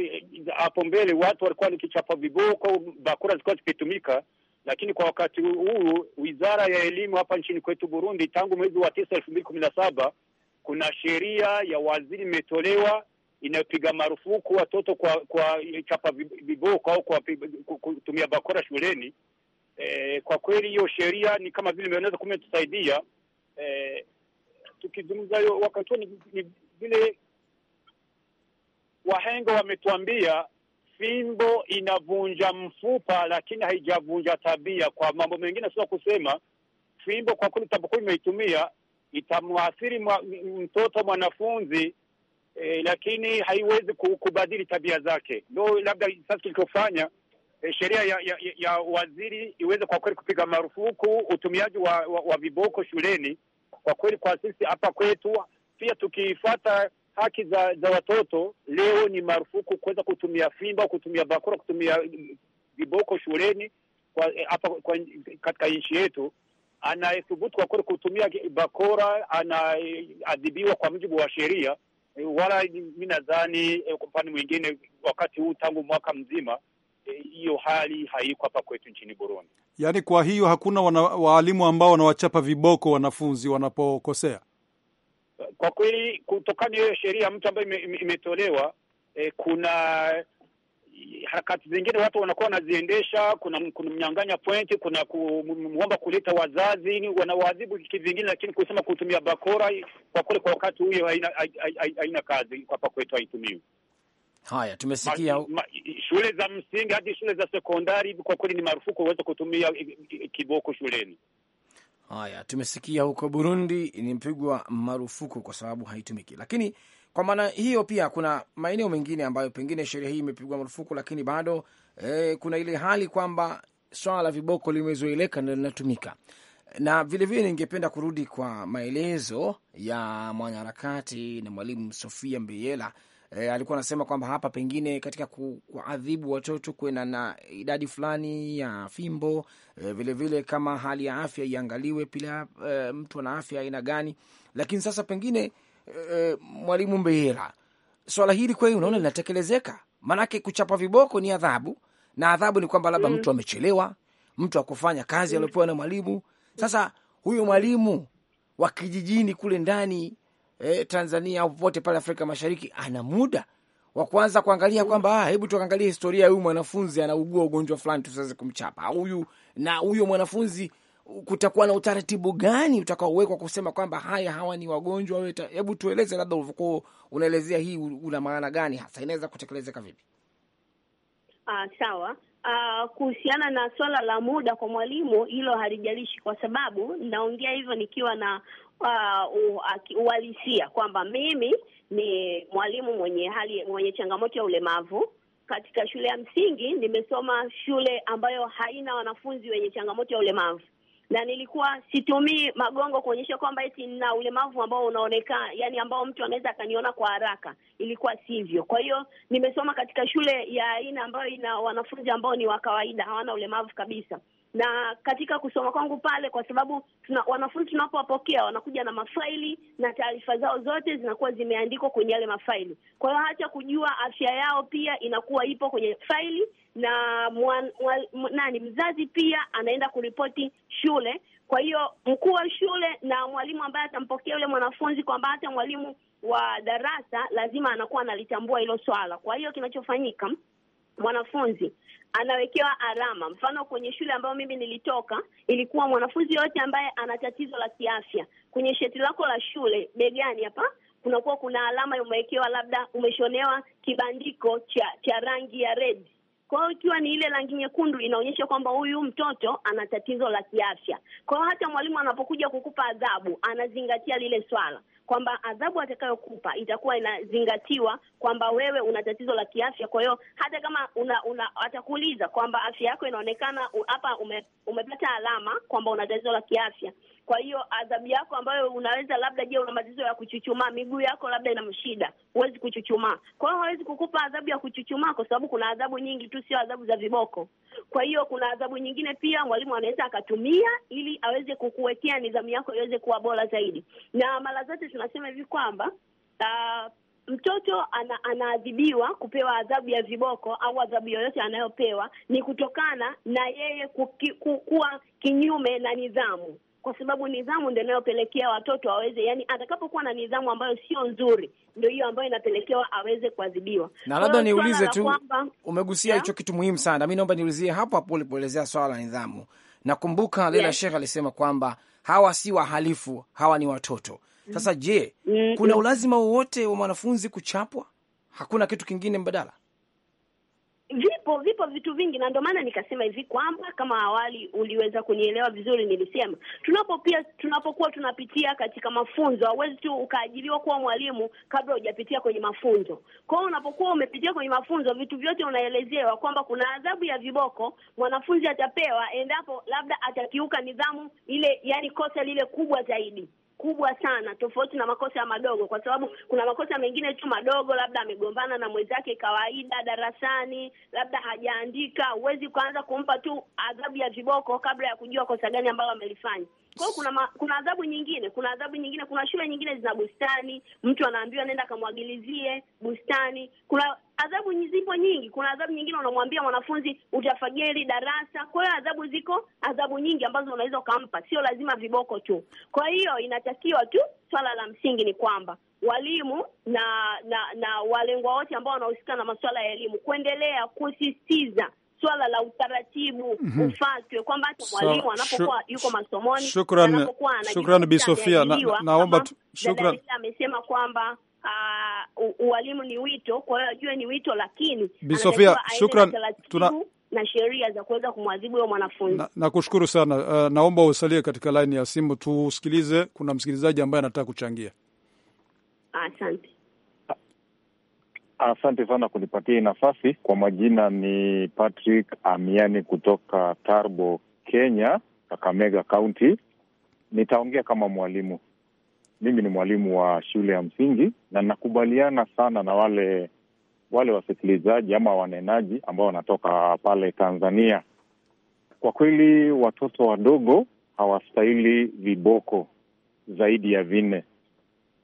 G: hapo mbele watu walikuwa nikichapa viboko, bakura zilikuwa zikitumika, lakini kwa wakati huu wizara ya elimu hapa nchini kwetu Burundi, tangu mwezi wa tisa elfu mbili kumi na saba kuna sheria ya waziri imetolewa inayopiga marufuku watoto kwa kwa chapa viboko au kwa kutumia bakora shuleni. E, kwa kweli hiyo sheria ni kama vile imeweza kumetusaidia e, tukizungumza hiyo wakati ni vile wahenga wametuambia fimbo inavunja mfupa lakini haijavunja tabia. Kwa mambo mengine sio kusema fimbo, kwa kweli itapokuwa imeitumia itamwathiri mtoto mwanafunzi e, lakini haiwezi kubadili tabia zake. Ndo labda sasa kilichofanya e, eh, sheria ya, ya, ya waziri iweze kwa kweli kupiga marufuku utumiaji wa, wa, wa viboko shuleni. Kwa kweli kwa sisi hapa kwetu pia tukifuata haki za, za watoto leo ni marufuku kuweza kutumia fimbo, kutumia bakora, kutumia viboko shuleni kwa, eh, hapa kwa, katika nchi yetu. Anayethubutu kwa kweli kutumia bakora anaadhibiwa kwa mujibu wa sheria wala mi nadhani eh, kwa mfano mwingine, wakati huu tangu mwaka mzima eh, hiyo hali haiko hapa kwetu nchini Burundi.
B: Yaani, kwa hiyo hakuna wana, waalimu ambao wanawachapa viboko wanafunzi wanapokosea.
G: Kwa kweli, kutokana na hiyo sheria mtu ambayo imetolewa, e, kuna harakati zingine watu wanakuwa wanaziendesha, kuna kuna mnyang'anya pointi, kuna kuomba kuleta wazazi, wanawaadhibu kivingine, lakini kusema kutumia bakora kwa kule kwa wakati huyo haina, haina kazi hapa kwetu, haitumiwi.
A: Haya, tumesikia
G: shule za msingi hadi shule za sekondari, kwa kweli ni marufuku waweza kutumia kiboko shuleni.
A: Haya, tumesikia huko Burundi mpigwa marufuku kwa sababu haitumiki, lakini kwa maana hiyo, pia kuna maeneo mengine ambayo pengine sheria hii imepigwa marufuku, lakini bado e, kuna ile hali kwamba swala la viboko limezoeleka na linatumika. Na vilevile ningependa kurudi kwa maelezo ya mwanaharakati na mwalimu Sofia Mbeyela. E, alikuwa anasema kwamba hapa pengine katika kuadhibu watoto kuena na idadi fulani ya fimbo vilevile, eh, vile kama hali ya afya iangaliwe pila, e, mtu ana afya aina gani, lakini sasa pengine Eh, mwalimu Mbehera, swala hili kweli unaona linatekelezeka? Maanake kuchapa viboko ni adhabu, na adhabu ni kwamba labda mm, mtu amechelewa, mtu akufanya kazi mm, aliopewa na mwalimu. Sasa huyo mwalimu wa kijijini kule ndani eh, Tanzania au popote pale Afrika Mashariki ana muda wa kuanza kuangalia mm. kwamba ah, hebu tuangalie historia ya huyu mwanafunzi anaugua ugonjwa fulani, tusiweze kumchapa huyu, na huyo mwanafunzi kutakuwa na utaratibu gani utakaowekwa kusema kwamba haya hawa ni wagonjwa weta? Hebu tueleze labda ulivyokuwa unaelezea hii, una maana gani hasa, inaweza kutekelezeka vipi?
E: Uh, sawa. Uh, kuhusiana na swala la muda kwa mwalimu, hilo halijalishi kwa sababu naongea hivyo nikiwa na ah, uhalisia uh, kwamba mimi ni mwalimu mwenye hali mwenye changamoto ya ulemavu katika shule ya msingi. Nimesoma shule ambayo haina wanafunzi wenye changamoto ya ulemavu na nilikuwa situmii magongo kuonyesha kwamba eti nina ulemavu ambao unaonekana, yani ambao mtu anaweza akaniona kwa haraka. Ilikuwa sivyo. Kwa hiyo nimesoma katika shule ya aina ambayo ina wanafunzi ambao ni wa kawaida, hawana ulemavu kabisa na katika kusoma kwangu pale, kwa sababu tuna, wanafunzi tunapowapokea wanakuja na mafaili na taarifa zao zote zinakuwa zimeandikwa kwenye yale mafaili. Kwa hiyo hata kujua afya yao pia inakuwa ipo kwenye faili, na mwan, mwan, nani mzazi pia anaenda kuripoti shule. Kwa hiyo mkuu wa shule na mwalimu ambaye atampokea yule mwanafunzi, kwamba hata mwalimu wa darasa lazima anakuwa analitambua hilo swala. Kwa hiyo kinachofanyika mwanafunzi anawekewa alama. Mfano, kwenye shule ambayo mimi nilitoka, ilikuwa mwanafunzi yoyote ambaye ana tatizo la kiafya, kwenye sheti lako la shule begani hapa kunakuwa kuna alama umewekewa, labda umeshonewa kibandiko cha cha rangi ya red. Kwa hiyo ikiwa ni ile rangi nyekundu inaonyesha kwamba huyu mtoto ana tatizo la kiafya. Kwa hiyo hata mwalimu anapokuja kukupa adhabu, anazingatia lile swala kwamba adhabu atakayokupa itakuwa inazingatiwa kwamba wewe una tatizo la kiafya. Kwa hiyo hata kama una, una atakuuliza kwamba afya yako inaonekana hapa, ume, umepata alama kwamba una tatizo la kiafya kwa hiyo adhabu yako ambayo unaweza labda, je, una matatizo ya kuchuchumaa, miguu yako labda ina mshida, huwezi kuchuchumaa. Kwa hiyo hawezi kukupa adhabu ya kuchuchumaa, kwa sababu kuna adhabu nyingi tu, sio adhabu za viboko. Kwa hiyo kuna adhabu nyingine pia mwalimu anaweza akatumia ili aweze kukuwekea nidhamu yako iweze kuwa bora zaidi. Na mara zote tunasema hivi kwamba uh, mtoto ana, anaadhibiwa kupewa adhabu ya viboko au adhabu yoyote anayopewa ni kutokana na yeye kuki, ku, kuwa kinyume na nidhamu kwa sababu nidhamu ndio inayopelekea watoto aweze, yani atakapokuwa na nidhamu ambayo sio nzuri, ndio hiyo ambayo inapelekewa aweze kuadhibiwa. Na labda niulize tu kwamba,
A: umegusia hicho kitu muhimu sana, mi naomba niulizie hapo hapo ulipoelezea swala la nidhamu. Nakumbuka Leila yes, Shekh alisema kwamba hawa si wahalifu, hawa ni watoto. Mm. Sasa je, mm kuna mm. ulazima wowote wa mwanafunzi kuchapwa? Hakuna kitu kingine mbadala?
E: Vipo vipo vitu vingi, na ndio maana nikasema hivi kwamba kama awali uliweza kunielewa vizuri, nilisema tunapo pia tunapokuwa tunapitia katika mafunzo, hauwezi tu ukaajiriwa kuwa mwalimu kabla hujapitia kwenye mafunzo. Kwa hiyo unapokuwa umepitia kwenye mafunzo, vitu vyote unaelezewa kwamba kuna adhabu ya viboko mwanafunzi atapewa endapo labda atakiuka nidhamu ile, yani kosa lile kubwa zaidi kubwa sana, tofauti na makosa madogo, kwa sababu kuna makosa mengine tu madogo, labda amegombana na mwenzake kawaida darasani, labda hajaandika. Huwezi kuanza kumpa tu adhabu ya viboko kabla ya kujua kosa gani ambalo amelifanya. Kwa hiyo kuna kuna adhabu nyingine, kuna adhabu nyingine. Kuna shule nyingine zina bustani, mtu anaambiwa nenda kamwagilizie bustani. Kuna adhabu zipo nyingi. Kuna adhabu nyingine unamwambia mwanafunzi utafageli darasa. Kwa hiyo adhabu ziko, adhabu nyingi ambazo unaweza ukampa, sio lazima viboko tu. Kwa hiyo inatakiwa tu, swala la msingi ni kwamba walimu na na na walengwa wote ambao wanahusika na masuala ya elimu kuendelea kusisitiza swala la utaratibu mhm. ufatwe, kwamba hata mwalimu anapokuwa yuko masomoni, anapokuwa Shukrani Bi Sofia, naomba shukrani, amesema kwamba ah, ualimu ni wito, kwa hiyo ajue ni wito, lakini Bi Sofia, shukrani tuna na sheria za kuweza kumwadhibu huyo mwanafunzi.
B: Nakushukuru na sana. Uh, naomba usalie katika laini ya simu tusikilize, kuna msikilizaji ambaye anataka kuchangia.
E: Asante.
H: Asante sana kunipatia hii nafasi. Kwa majina ni Patrick Amiani kutoka Tarbo, Kenya, Kakamega Kaunti. Nitaongea kama mwalimu. Mimi ni mwalimu wa shule ya msingi, na nakubaliana sana na wale wale wasikilizaji ama wanenaji ambao wanatoka pale Tanzania. Kwa kweli watoto wadogo hawastahili viboko zaidi ya vinne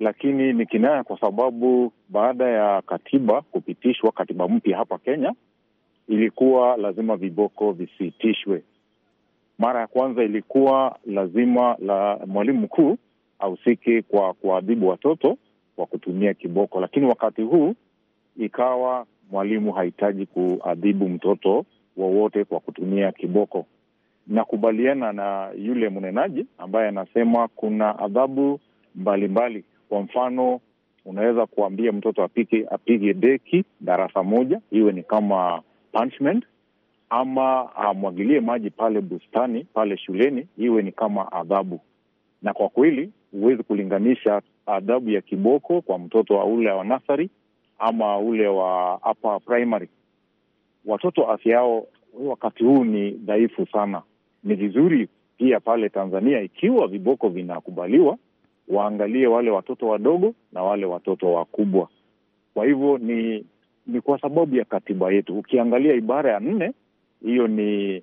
H: lakini ni kinaya kwa sababu baada ya katiba kupitishwa, katiba mpya hapa Kenya, ilikuwa lazima viboko visitishwe. Mara ya kwanza ilikuwa lazima la mwalimu mkuu ahusike kwa kuadhibu watoto kwa kutumia kiboko, lakini wakati huu ikawa mwalimu hahitaji kuadhibu mtoto wowote kwa kutumia kiboko. Nakubaliana na yule mnenaji ambaye anasema kuna adhabu mbalimbali kwa mfano, unaweza kuambia mtoto apike apige deki darasa moja, iwe ni kama punishment, ama amwagilie maji pale bustani pale shuleni, iwe ni kama adhabu. Na kwa kweli huwezi kulinganisha adhabu ya kiboko kwa mtoto wa ule wa nasari ama ule wa hapa primary. Watoto afya yao wakati huu ni dhaifu sana.
G: Ni vizuri
H: pia pale Tanzania, ikiwa viboko vinakubaliwa, waangalie wale watoto wadogo na wale watoto wakubwa. Kwa hivyo ni ni kwa sababu ya katiba yetu. Ukiangalia ibara ya nne hiyo ni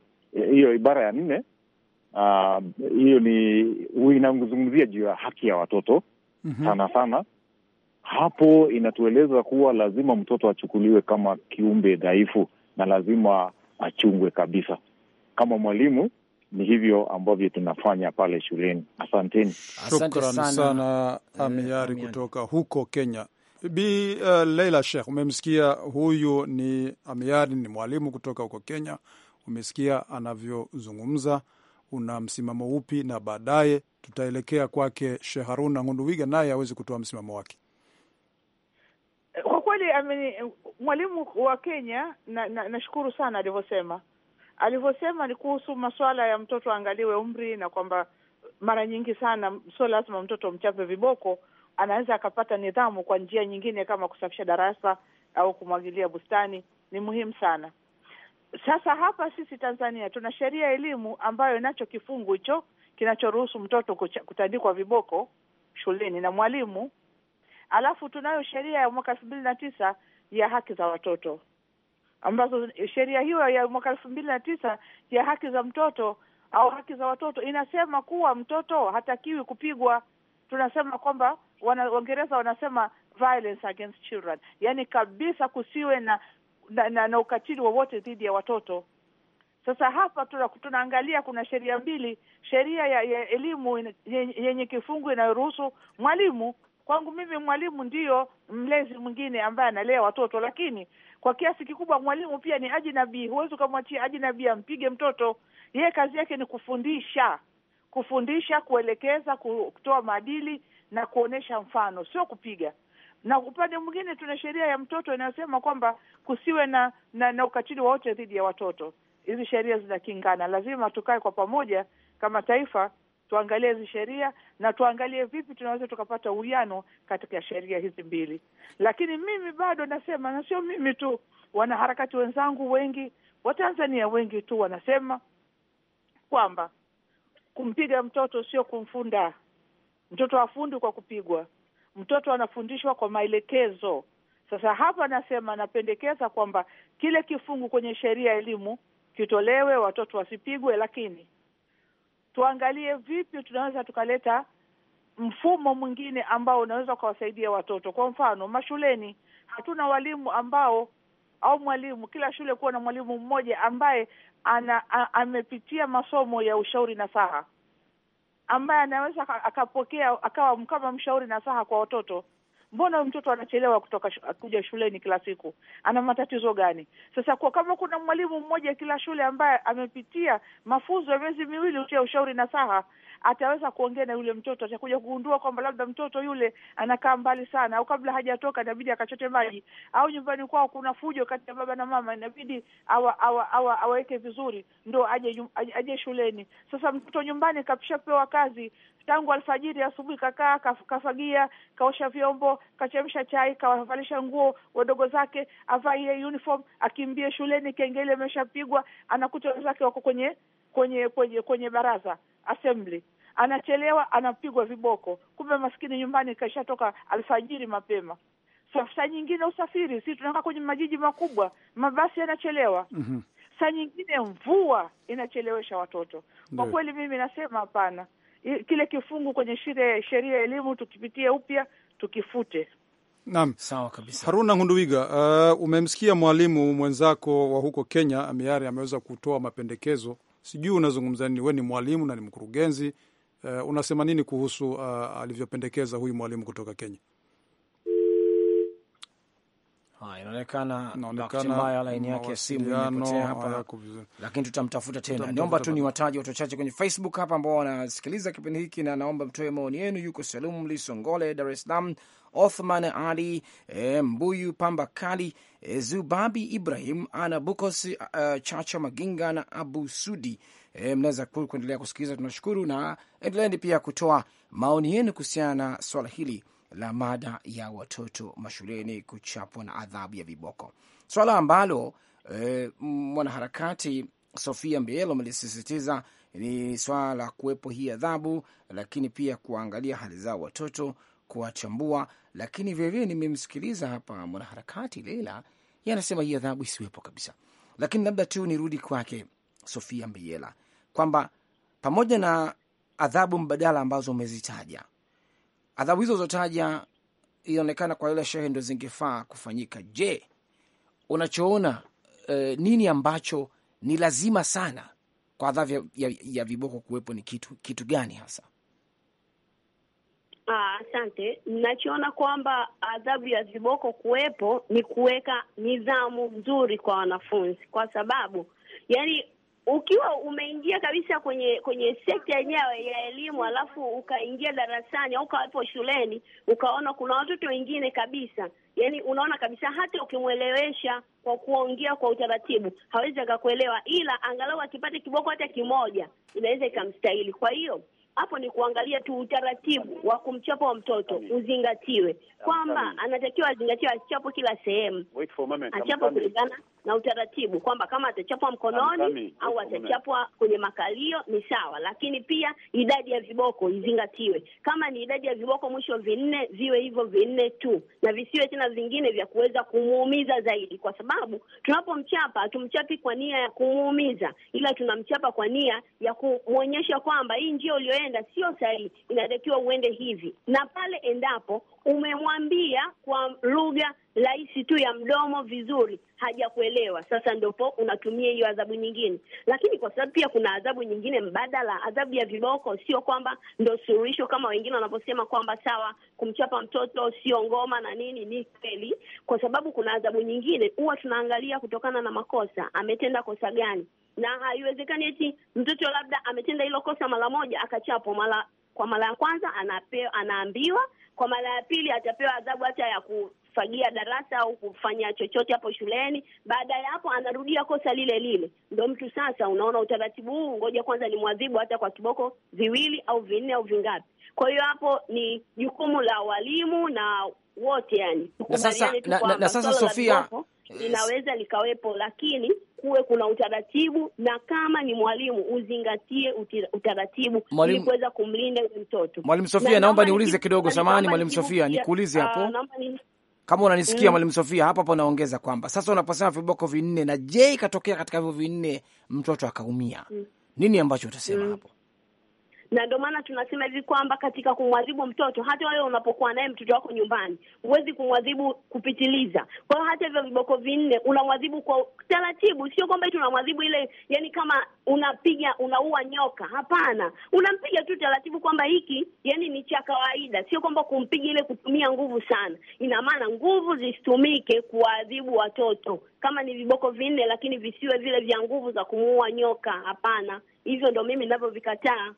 H: hiyo ibara ya nne ah, hiyo ni inazungumzia juu ya haki ya watoto mm -hmm. sana sana hapo inatueleza kuwa lazima mtoto achukuliwe kama kiumbe dhaifu na lazima achungwe kabisa. Kama mwalimu ni hivyo ambavyo tunafanya pale shuleni. Asanteni, shukran
B: sana eh, Amiari kutoka huko Kenya. Bi uh, Leila Sheikh, umemsikia huyu ni Amiari, ni mwalimu kutoka huko Kenya. Umesikia anavyozungumza, una msimamo upi? Na baadaye tutaelekea kwake Sheikh Haruna Ngunduwiga, naye awezi kutoa msimamo wake.
D: Kwa kweli mwalimu wa Kenya, nashukuru na, na sana alivyosema alivyosema ni kuhusu masuala ya mtoto aangaliwe umri, na kwamba mara nyingi sana sio lazima mtoto mchape viboko, anaweza akapata nidhamu kwa njia nyingine kama kusafisha darasa au kumwagilia bustani. Ni muhimu sana. Sasa hapa sisi Tanzania tuna sheria ya elimu ambayo inacho kifungu hicho kinachoruhusu mtoto kutandikwa viboko shuleni na mwalimu, alafu tunayo sheria ya mwaka elfu mbili na tisa ya haki za watoto ambazo sheria hiyo ya mwaka elfu mbili na tisa ya haki za mtoto au haki za watoto inasema kuwa mtoto hatakiwi kupigwa. Tunasema kwamba Waingereza wana, wanasema violence against children, yaani kabisa kusiwe na na, na, na ukatili wowote dhidi ya watoto. Sasa hapa tuna, tunaangalia kuna sheria mbili, sheria ya, ya elimu yenye kifungu inayoruhusu mwalimu Kwangu mimi mwalimu ndiyo mlezi mwingine ambaye analea watoto, lakini kwa kiasi kikubwa mwalimu pia ni ajinabii. Huwezi ukamwachia ajinabii ampige mtoto. Yeye kazi yake ni kufundisha, kufundisha, kuelekeza, kutoa maadili na kuonyesha mfano, sio kupiga. Na upande mwingine tuna sheria ya mtoto inayosema kwamba kusiwe na na, na ukatili wowote dhidi ya watoto. Hizi sheria zinakingana, lazima tukae kwa pamoja kama taifa tuangalie hizi sheria na tuangalie vipi tunaweza tukapata uwiano katika sheria hizi mbili. Lakini mimi bado nasema, na sio mimi tu, wanaharakati wenzangu wengi, Watanzania wengi tu wanasema kwamba kumpiga mtoto sio kumfunda. Mtoto afundi kwa kupigwa, mtoto anafundishwa kwa maelekezo. Sasa hapa nasema, napendekeza kwamba kile kifungu kwenye sheria ya elimu kitolewe, watoto wasipigwe, lakini tuangalie vipi tunaweza tukaleta mfumo mwingine ambao unaweza ukawasaidia watoto. Kwa mfano, mashuleni hatuna walimu ambao au mwalimu, kila shule kuwa na mwalimu mmoja ambaye ana a, amepitia masomo ya ushauri na saha ambaye anaweza akapokea akawa kama mshauri na saha kwa watoto. Mbona mtoto anachelewa kutoka sh kuja shuleni kila siku, ana matatizo gani? Sasa kwa kama kuna mwalimu mmoja kila shule ambaye amepitia mafunzo ya miezi miwili ucia ushauri na saha, ataweza kuongea na yule mtoto, atakuja kugundua kwamba labda mtoto yule anakaa mbali sana, au kabla hajatoka inabidi akachote maji, au nyumbani kwao kuna fujo kati ya baba na mama, inabidi awa awaweke awa vizuri, ndo aje aje shuleni. Sasa mtoto nyumbani kapishapewa kazi, tangu alfajiri asubuhi, kakaa kafagia, kaosha vyombo, kachemsha chai, kawavalisha nguo wadogo zake, avae uniform, akimbie shuleni, kengele ameshapigwa anakuta wenzake wako kwenye kwenye kwenye kwenye baraza assembly, anachelewa, anapigwa viboko. Kumbe maskini nyumbani kaishatoka alfajiri mapema. So, saa nyingine usafiri, si tunakaa kwenye majiji makubwa, mabasi yanachelewa. mm -hmm. Saa nyingine mvua inachelewesha watoto. Kwa kweli mimi nasema hapana kile kifungu kwenye sheria ya elimu tukipitie upya tukifute.
A: Naam, sawa kabisa.
B: Haruna Ngunduwiga, uh, umemsikia mwalimu mwenzako wa huko Kenya Amiari ameweza kutoa mapendekezo, sijui unazungumza nini? We ni mwalimu na ni mkurugenzi, uh, unasema nini kuhusu uh, alivyopendekeza huyu mwalimu kutoka Kenya?
A: inaonekana inaonekana laini yake ya simu imepotea hapa, lakini tutamtafuta tena. Naomba tu ni wataji watu wachache kwenye Facebook hapa ambao wanasikiliza kipindi hiki, na naomba mtoe maoni yenu. Yuko Salum Lisongole, Dar es Salaam, Othman Ali e, Mbuyu Pamba Kali e, Zubabi Ibrahim ana Bukos uh, Chacha Maginga na Abu Sudi. E, mnaweza kuendelea kusikiliza, tunashukuru na endeleni pia kutoa maoni yenu kuhusiana na swala hili la mada ya watoto mashuleni kuchapwa na adhabu ya viboko, swala ambalo e, mwanaharakati Sofia Mbielo amelisisitiza ni swala la kuwepo hii adhabu, lakini pia kuwaangalia hali zao watoto, kuwachambua. Lakini vilevile nimemsikiliza hapa mwanaharakati Leila, yeye anasema hii adhabu isiwepo kabisa. Lakini labda tu nirudi kwake Sofia Mbiela kwamba pamoja na adhabu mbadala ambazo umezitaja adhabu hizo zotaja inaonekana kwa yule shehe ndo zingefaa kufanyika. Je, unachoona e, nini ambacho ni lazima sana kwa adhabu ya, ya, ya viboko kuwepo ni kitu kitu gani hasa?
E: Ah, asante. Nachoona kwamba adhabu ya viboko kuwepo ni kuweka nidhamu nzuri kwa wanafunzi, kwa sababu yani ukiwa umeingia kabisa kwenye kwenye sekta yenyewe ya elimu, alafu ukaingia darasani au ukawepo shuleni, ukaona kuna watoto wengine kabisa, yani unaona kabisa hata ukimwelewesha kwa kuongea kwa utaratibu hawezi akakuelewa, ila angalau akipata kiboko hata kimoja inaweza ikamstahili. Kwa hiyo hapo ni kuangalia tu utaratibu wa kumchapa wa mtoto uzingatiwe, kwamba anatakiwa azingatiwe, asichapo kila sehemu, achapo kulingana na utaratibu, kwamba kama atachapwa mkononi au atachapwa kwenye makalio ni sawa, lakini pia idadi ya viboko izingatiwe. Kama ni idadi ya viboko mwisho vinne, viwe hivyo vinne tu, na visiwe tena vingine vya kuweza kumuumiza zaidi, kwa sababu tunapomchapa hatumchapi kwa nia ya kumuumiza, ila tunamchapa kwa nia ya kumwonyesha kwamba hii njia ulioenda unakwenda sio sahihi, inatakiwa uende hivi. Na pale endapo umemwambia kwa lugha rahisi tu ya mdomo vizuri, hajakuelewa, sasa ndopo unatumia hiyo adhabu nyingine. Lakini kwa sababu pia kuna adhabu nyingine mbadala, adhabu ya viboko, sio kwamba ndo suluhisho kama wengine wanavyosema kwamba sawa, kumchapa mtoto sio ngoma na nini. Ni kweli, kwa sababu kuna adhabu nyingine huwa tunaangalia kutokana na makosa, ametenda kosa gani na haiwezekani eti mtoto labda ametenda hilo kosa mara moja akachapo mara kwa mara ya kwanza anapewa, anaambiwa kwa mara ya pili atapewa adhabu hata ya kufagia darasa au kufanya chochote hapo shuleni. Baada ya hapo anarudia kosa lile lile. Ndio mtu sasa, unaona utaratibu huu, ngoja kwanza ni mwadhibu hata kwa kiboko viwili au vinne au vingapi. Kwa hiyo hapo ni jukumu la walimu na wote yani na sasa, na, na, na sasa Sofia inaweza likawepo, lakini kuwe kuna utaratibu, na kama ni mwalimu uzingatie utaratibu ili kuweza kumlinda yule mtoto. Mwalimu Sofia, naomba niulize kidogo, samahani mwalimu Sofia, nikuulize hapo ah,
A: kama unanisikia mm. Mwalimu Sofia, hapo hapa naongeza kwamba sasa unaposema viboko vinne na je ikatokea katika hivyo vinne mtoto akaumia, mm. nini ambacho utasema mm. hapo?
E: na ndio maana tunasema hivi kwamba katika kumwadhibu mtoto, hata wewe unapokuwa naye mtoto wako nyumbani, huwezi kumwadhibu kupitiliza. Kwa hiyo hata hivyo viboko vinne unamwadhibu kwa taratibu, sio kwamba eti unamwadhibu ile, yani kama unapiga unaua nyoka. Hapana, unampiga tu taratibu, kwamba hiki yani ni cha kawaida, sio kwamba kumpiga ile kutumia nguvu sana. Ina maana nguvu zisitumike kuwaadhibu watoto, kama ni viboko vinne, lakini visiwe vile vya nguvu za kumuua nyoka. Hapana, hivyo ndo mimi ninavyovikataa.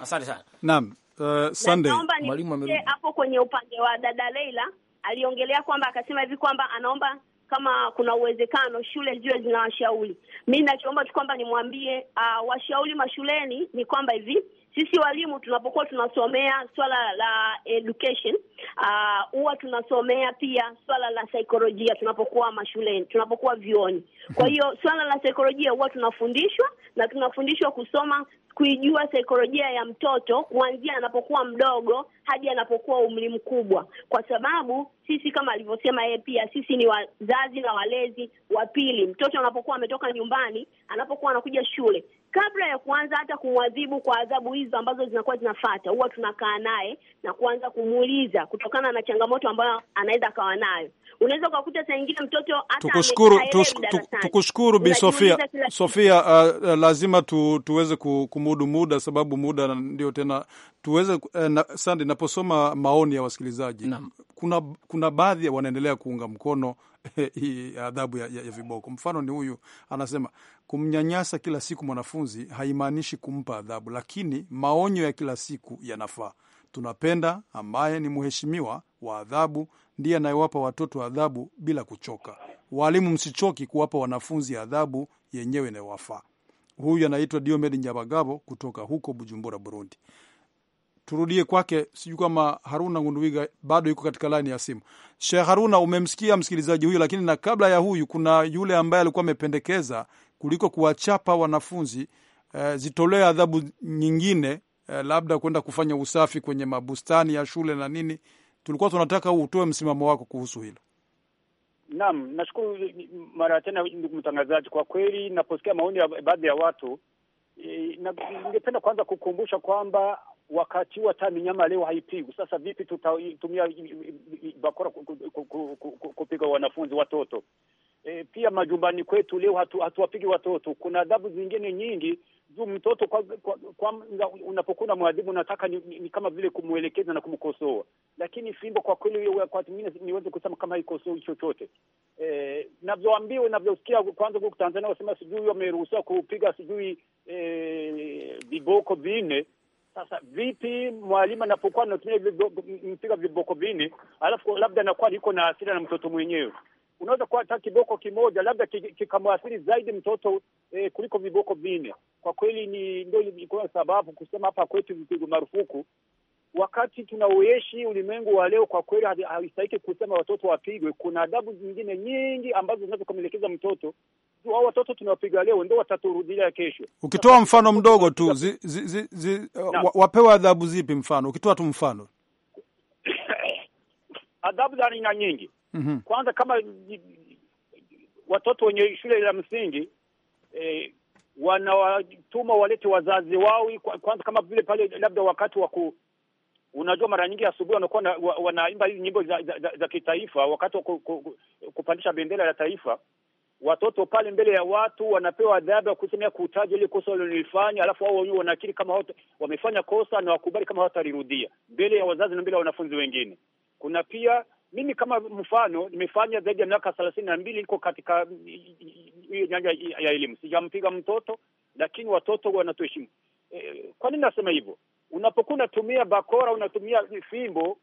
A: Asante sana. Naam, uh,
B: Sunday mwalimu amerudi
E: hapo kwenye upande wa dada Leila aliongelea kwamba akasema hivi kwamba anaomba kama kuna uwezekano shule ziwe zina washauri. Mi nachoomba tu kwamba nimwambie uh, washauri mashuleni ni kwamba hivi sisi walimu tunapokuwa tunasomea swala la education uh, huwa uh, tunasomea pia swala la saikolojia tunapokuwa mashuleni, tunapokuwa vioni. Kwa mhm. hiyo swala la saikolojia huwa tunafundishwa na tunafundishwa kusoma kuijua saikolojia ya mtoto kuanzia anapokuwa mdogo hadi anapokuwa umri mkubwa, kwa sababu sisi kama alivyosema yeye, pia sisi ni wazazi na walezi wa pili. Mtoto anapokuwa ametoka nyumbani, anapokuwa anakuja shule, kabla ya kuanza hata kumwadhibu kwa adhabu hizo ambazo zinakuwa zinafata, huwa tunakaa naye na kuanza kumuuliza kutokana na changamoto ambayo anaweza akawa nayo unaweza ukakuta saa nyingine mtoto hata tukushukuru,
B: tukushukuru Bi Sofia Sofia, uh, uh, lazima tu, tuweze kumudu muda sababu muda ndio tena tuweze uh, na, sandi naposoma maoni ya wasikilizaji na, kuna, kuna baadhi wanaendelea kuunga mkono hii adhabu ya, ya, ya viboko. Mfano ni huyu anasema kumnyanyasa kila siku mwanafunzi haimaanishi kumpa adhabu, lakini maonyo ya kila siku yanafaa. Tunapenda ambaye ni mheshimiwa wa adhabu ndiye anayewapa watoto adhabu bila kuchoka. Walimu, msichoki kuwapa wanafunzi adhabu yenyewe inayowafaa. Huyu anaitwa Diomed Nyabagabo kutoka huko Bujumbura, Burundi. Turudie kwake, sijui kama Haruna Ngunduwiga bado yuko katika laini ya simu. Sheikh Haruna, umemsikia msikilizaji huyu, lakini na kabla ya huyu kuna yule ambaye alikuwa amependekeza kuliko kuwachapa wanafunzi eh, zitolee adhabu nyingine eh, labda kwenda kufanya usafi kwenye mabustani ya shule na nini tulikuwa tunataka utoe msimamo wako kuhusu hilo.
G: Naam, nashukuru mara tena ndugu mtangazaji. Kwa kweli naposikia maoni ya baadhi ya watu e, ningependa kwanza kukumbusha kwamba wakati huo hata minyama leo haipigwi. Sasa vipi tutatumia bakora kupiga wanafunzi watoto? E, pia majumbani kwetu leo hatu, hatuwapigi watoto. Kuna adhabu zingine nyingi juu mtoto kwa, kwa, kwa, unapokuwa na mwadhibu unataka ni, ni, ni kama vile kumwelekeza na kumkosoa, lakini fimbo kwa kweli, wakati mwingine niweze kusema kama haikosoi chochote eh, navyoambiwa navyosikia, kwanza huko Tanzania wasema sijui wameruhusiwa kupiga sijui e, viboko vinne. Sasa vipi mwalimu anapokuwa anatumia mpiga viboko vinne alafu labda anakuwa yuko na hasira na mtoto mwenyewe unaweza kuwa hata kiboko kimoja labda kikamwathiri zaidi mtoto eh, kuliko viboko vinne. Kwa kweli ni ndio ilikuwa sababu kusema hapa kwetu vipigo marufuku wakati tunaoishi ulimwengu wa leo, kwa kweli haistahiki kusema watoto wapigwe. Kuna adabu zingine nyingi ambazo zinazokamilekeza mtoto. au watoto tunawapiga leo ndio wataturudia kesho.
B: Ukitoa mfano mdogo tu zi, zi, zi, zi, wa, wapewa adhabu zipi? Mfano ukitoa tu mfano
G: adhabu za aina nyingi mm -hmm. Kwanza kama watoto wenye shule la msingi e, wanawatuma walete wazazi wao, kwanza kama vile pale labda wakati wa ku unajua mara nyingi asubuhi wanakuwa wanaimba hizi nyimbo za, za, za, za kitaifa wakati wa ku, ku, kupandisha bendera ya taifa. Watoto pale mbele ya watu wanapewa adhabu ya kusemea kutaja ile kosa walilifanya, alafu wao wenyewe wanakiri kama hata, wamefanya kosa na wakubali kama hawatalirudia mbele ya wazazi na mbele ya wanafunzi wengine. Kuna pia mimi kama mfano nimefanya zaidi ya miaka thelathini na mbili iko katika hiyo mm, nyanja ya elimu, sijampiga mtoto, lakini watoto wanatuheshimu. E, kwa nini nasema hivyo? Unapokuwa unatumia bakora, unatumia fimbo,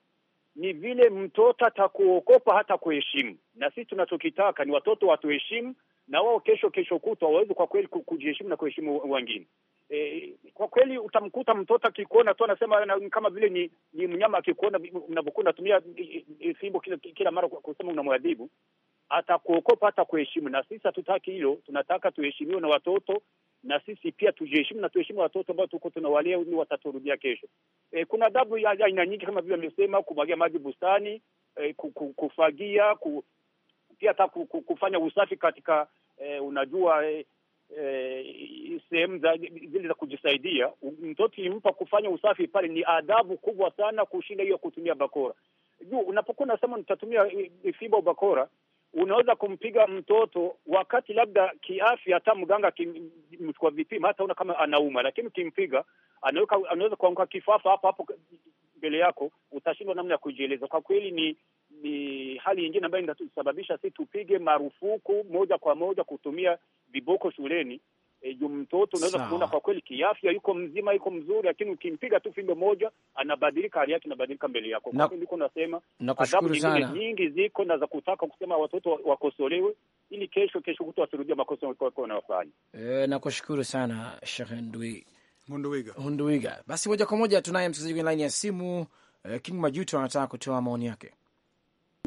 G: ni vile mtoto atakuokopa hata kuheshimu. Na sisi tunachokitaka ni watoto watuheshimu, na wao kesho kesho kutwa waweze kwa kweli kujiheshimu na kuheshimu wengine. E, kwa kweli utamkuta mtoto akikuona tu anasema na, kama vile ni, ni mnyama akikuona unavyokuwa unatumia fimbo kila, kila mara kusema unamwadhibu, atakuokopa hata kuheshimu. Na sisi hatutaki hilo, tunataka tuheshimiwe na watoto na sisi pia tujiheshimu na tuheshimu watoto ambao tuko tunawalea, ni wataturudia kesho. E, kuna adhabu ya aina nyingi kama vile amesema kumwagia maji bustani, e, kufagia ku, pia hata kufanya usafi katika e, unajua e, eh, sehemu zile za kujisaidia. Mtoto yupa kufanya usafi pale ni adhabu kubwa sana kushinda hiyo kutumia bakora. Juu unapokuwa unasema nitatumia eh, fimbo bakora, unaweza kumpiga mtoto wakati labda kiafya, hata mganga kimchukua vipima, hata una kama anauma, lakini ukimpiga anaweza kuanguka kifafa hapo hapo mbele yako, utashindwa namna ya kujieleza. Kwa kweli ni ni hali nyingine ambayo inatusababisha si tupige marufuku moja kwa moja kutumia viboko shuleni. E, juu mtoto unaweza kuona kwa kweli kiafya yuko mzima, yuko mzuri, lakini ukimpiga tu fimbo moja anabadilika, hali yake inabadilika mbele yako. Kwa hiyo niko nasema adhabu nyingine nyingi ziko na za kutaka kusema watoto wakosolewe ili kesho kesho kutu wasirudie makosa walikuwa wanafanya.
A: E, nakushukuru sana Sheikh Ndwi Munduiga. Munduiga. Basi moja kwa moja tunaye msikilizaji kwenye laini ya simu eh, King Majuto anataka kutoa maoni yake.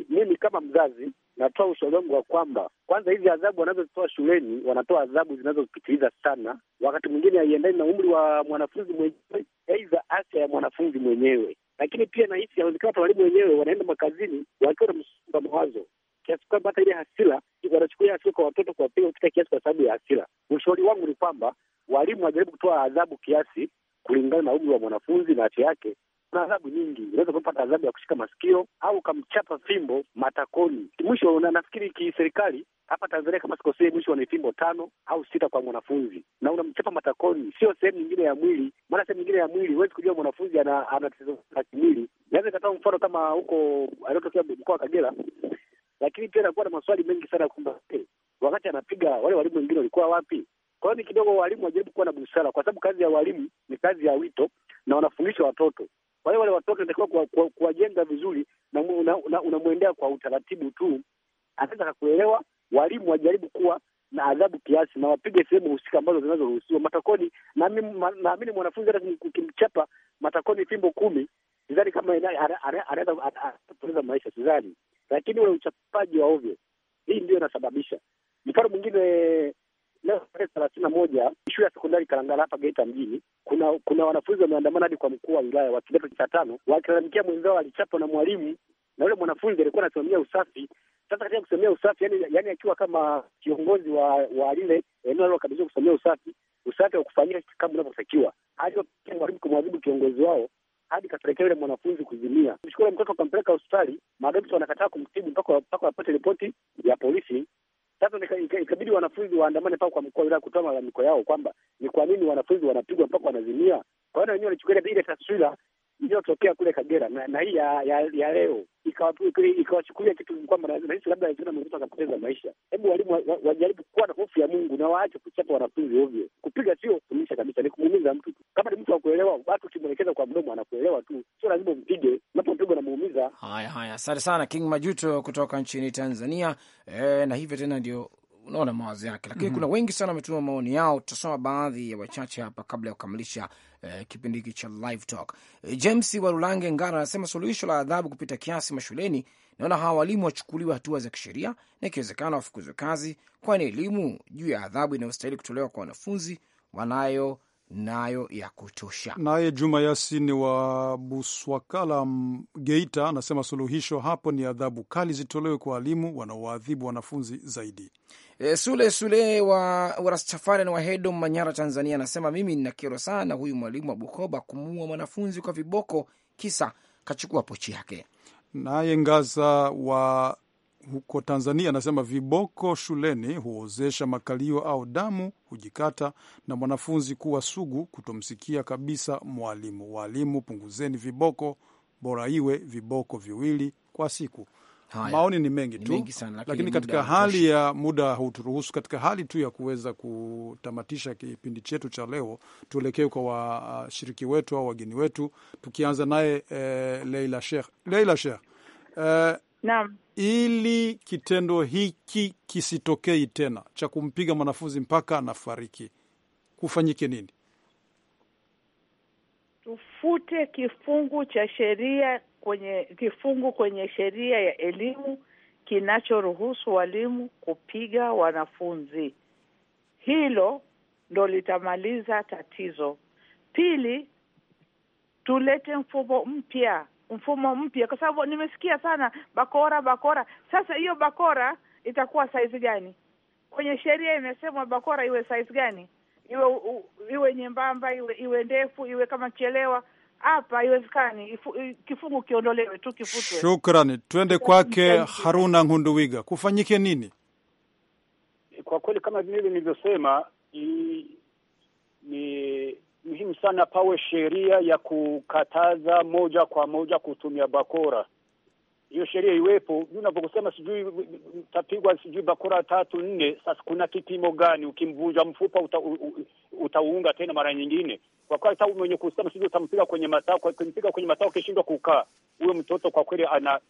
G: Mimi kama mzazi
C: natoa ushauri wangu wa kwamba kwanza, hizi adhabu wanazozitoa shuleni, wanatoa adhabu zinazopitiliza sana, wakati mwingine haiendani na umri wa mwanafunzi mwenyewe, aidha afya ya mwanafunzi mwenyewe. Lakini pia nahisi inawezekana hata walimu wenyewe wanaenda makazini wakiwa na msongo wa mawazo kiasi kwamba hata ile hasira wanachukulia hasira kwa watoto, kuwapiga kupita kiasi kwa sababu ya hasira. Ushauri wangu ni kwamba walimu wajaribu kutoa adhabu kiasi kulingana na umri wa mwanafunzi na afya yake. Kuna adhabu nyingi, unaweza kupata adhabu ya kushika masikio au ukamchapa fimbo matakoni. Mwisho na nafikiri kiserikali hapa Tanzania kama sikosee, mwisho ni fimbo tano au sita kwa mwanafunzi, na unamchapa matakoni, sio sehemu nyingine ya mwili, maana sehemu nyingine ya mwili huwezi kujua mwanafunzi ana ana tatizo la kimwili. Naweza ikatoa mfano kama huko aliotokea mkoa wa Kagera, lakini pia inakuwa na maswali mengi sana kwamba eh, wakati anapiga wale walimu wengine walikuwa wapi? Kwa hiyo ni kidogo walimu wajaribu kuwa na busara, kwa sababu kazi ya walimu ni kazi ya wito na wanafundisha watoto. Kwa hiyo wale watoto natakiwa kuwajenga vizuri, na unamwendea kwa utaratibu tu, anaweza kakuelewa. Walimu wajaribu kuwa na adhabu kiasi na wapige sehemu husika ambazo zinazoruhusiwa. Matakoni naamini mwanafunzi hata ukimchapa matakoni fimbo kumi sidhani kama anaweza kupoteza maisha, sidhani. Lakini ule uchapaji wa ovyo, hii ndio inasababisha. Mfano mwingine leo tarehe thelathini na moja shule ya sekondari Kalangala hapa Geita mjini, kuna kuna wanafunzi wameandamana hadi kwa mkuu wa wilaya wa kidato cha tano wakilalamikia mwenzao alichapwa na mwalimu, na yule mwanafunzi alikuwa anasimamia usafi. Sasa katika kusimamia usafi, yani, yani akiwa kama kiongozi wa wa lile eneo alilokabidhiwa kusimamia usafi, usafi wa kufanyika kama unavyotakiwa, hadi mwalimu kumwadhibu kiongozi wao hadi kapelekea yule mwanafunzi kuzimia. Mshukuru mtoto akampeleka hospitali, madokta wanakataa kumtibu mpaka wapate ripoti ya polisi. Sasa ikabidi wanafunzi waandamane mpaka kwa mkoa wa wilaya kutoa malalamiko yao kwamba ni kwa nini wanafunzi wanapigwa mpaka wanazimia. Kwa hiyo wenyewe walichukulia ile taswira iliyotokea kule Kagera na, na hii ya, ya, ya leo ikawachukulia kitu kwamba rais labda akiona mwenzetu akapoteza maisha. Hebu walimu wajaribu kuwa na hofu ya Mungu na waache kuchapa wanafunzi ovyo. Kupiga sio kufundisha kabisa, ni kumuumiza mtu. Kama ni mtu akuelewa, watu ukimwelekeza kwa mdomo anakuelewa tu, sio lazima umpige. Unapompigwa namuumiza.
A: Haya haya, asante sana King Majuto kutoka nchini Tanzania. E, na hivyo tena ndio unaona mawazo yake, lakini mm -hmm. kuna wengi sana wametuma maoni yao. Tutasoma baadhi ya wachache hapa kabla ya kukamilisha eh, kipindi hiki cha live talk. Eh, James Warulange Ngara anasema suluhisho la adhabu kupita kiasi mashuleni, naona hawa walimu wachukuliwe hatua za kisheria na ikiwezekana wafukuzwe kazi, kwani elimu juu ya adhabu inayostahili kutolewa kwa wanafunzi wanayo nayo ya kutosha.
B: Naye Juma Yasin wa Buswakala, Geita, anasema suluhisho hapo ni adhabu kali zitolewe kwa walimu
A: wanaowaadhibu wanafunzi zaidi. E, Sule Sule wa Warastafari na Wahedo, Manyara, Tanzania, anasema mimi nina kero sana huyu mwalimu wa Bukoba kumuua mwanafunzi kwa viboko, kisa kachukua pochi yake.
B: Naye Ngaza wa huko Tanzania anasema viboko shuleni huozesha makalio au damu hujikata na mwanafunzi kuwa sugu kutomsikia kabisa mwalimu. Waalimu, punguzeni viboko, bora iwe viboko viwili kwa siku. Haya, maoni ni mengi tu, mengi sana, lakini, lakini katika hali ya muda hauturuhusu, katika hali tu ya kuweza kutamatisha kipindi chetu cha leo, tuelekee kwa washiriki wetu au wageni wetu, tukianza naye eh, Leila Sheikh. Leila Sheikh, eh, naam ili kitendo hiki kisitokei tena cha kumpiga mwanafunzi mpaka anafariki,
D: kufanyike nini? Tufute kifungu cha sheria kwenye kifungu kwenye sheria ya elimu kinachoruhusu walimu kupiga wanafunzi. Hilo ndo litamaliza tatizo. Pili, tulete mfumo mpya mfumo mpya, kwa sababu nimesikia sana bakora bakora. Sasa hiyo bakora itakuwa saizi gani? Kwenye sheria imesemwa bakora iwe saizi gani? Iwe u, iwe nyembamba, iwe iwe ndefu, iwe kama chelewa? Hapa haiwezekani, kifungu kiondolewe tu, kifutwe.
B: Shukrani, twende kwake Haruna Ngunduwiga. Kufanyike nini?
G: Kwa kweli kama vile nilivyosema ni muhimu sana pawe sheria ya kukataza moja kwa moja kutumia bakora. Hiyo sheria iwepo. unavyokusema sijui utapigwa sijui bakora tatu nne, sasa kuna kipimo gani? Ukimvunja mfupa uta, utaunga tena mara nyingine? Kwa kweli hata mwenye kusema sijui utampiga kwenye matao, kumpiga kwenye matao kishindwa kukaa, huyo mtoto kwa kweli ana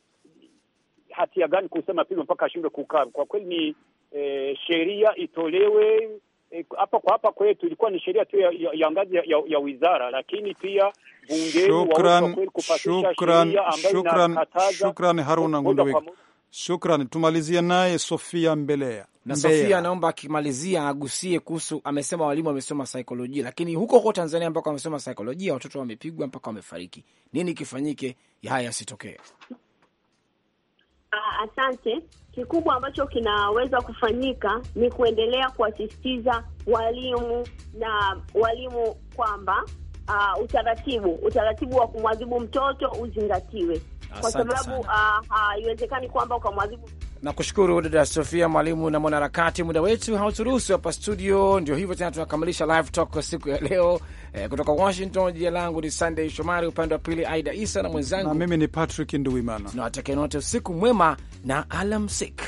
G: hatia gani kusema pigwa mpaka ashindwe kukaa? Kwa kweli ni eh, sheria itolewe Eh, hapa kwa hapa kwetu ilikuwa ni sheria tu ya, ya, ya ngazi ya, ya wizara, lakini pia
B: Shukran Haruna Ngundwik, shukran. Tumalizie naye Sofia Mbelea na Sofia
A: anaomba akimalizia agusie kuhusu, amesema walimu wamesoma saikolojia, lakini huko huko Tanzania ambako wamesoma saikolojia watoto wamepigwa mpaka wamefariki. Nini kifanyike haya yasitokee?
E: Ah, asante. Kikubwa ambacho kinaweza kufanyika ni kuendelea kuwasisitiza walimu na walimu kwamba uh, utaratibu utaratibu wa kumwadhibu mtoto uzingatiwe, kwa sababu ah, haiwezekani uh, uh, kwamba ukamwadhibu.
A: kushukuru dada Sofia, mwalimu na mwanaharakati. Muda wetu hauturuhusu hapa studio, ndio hivyo tena tunakamilisha live talk kwa siku ya leo. Eh, kutoka Washington, jina langu ni Sunday Shomari, upande wa pili Aida Isa na mwenzangu, na mimi ni Patrick Nduwimana. Tunawatakia wote usiku mwema na alamsik.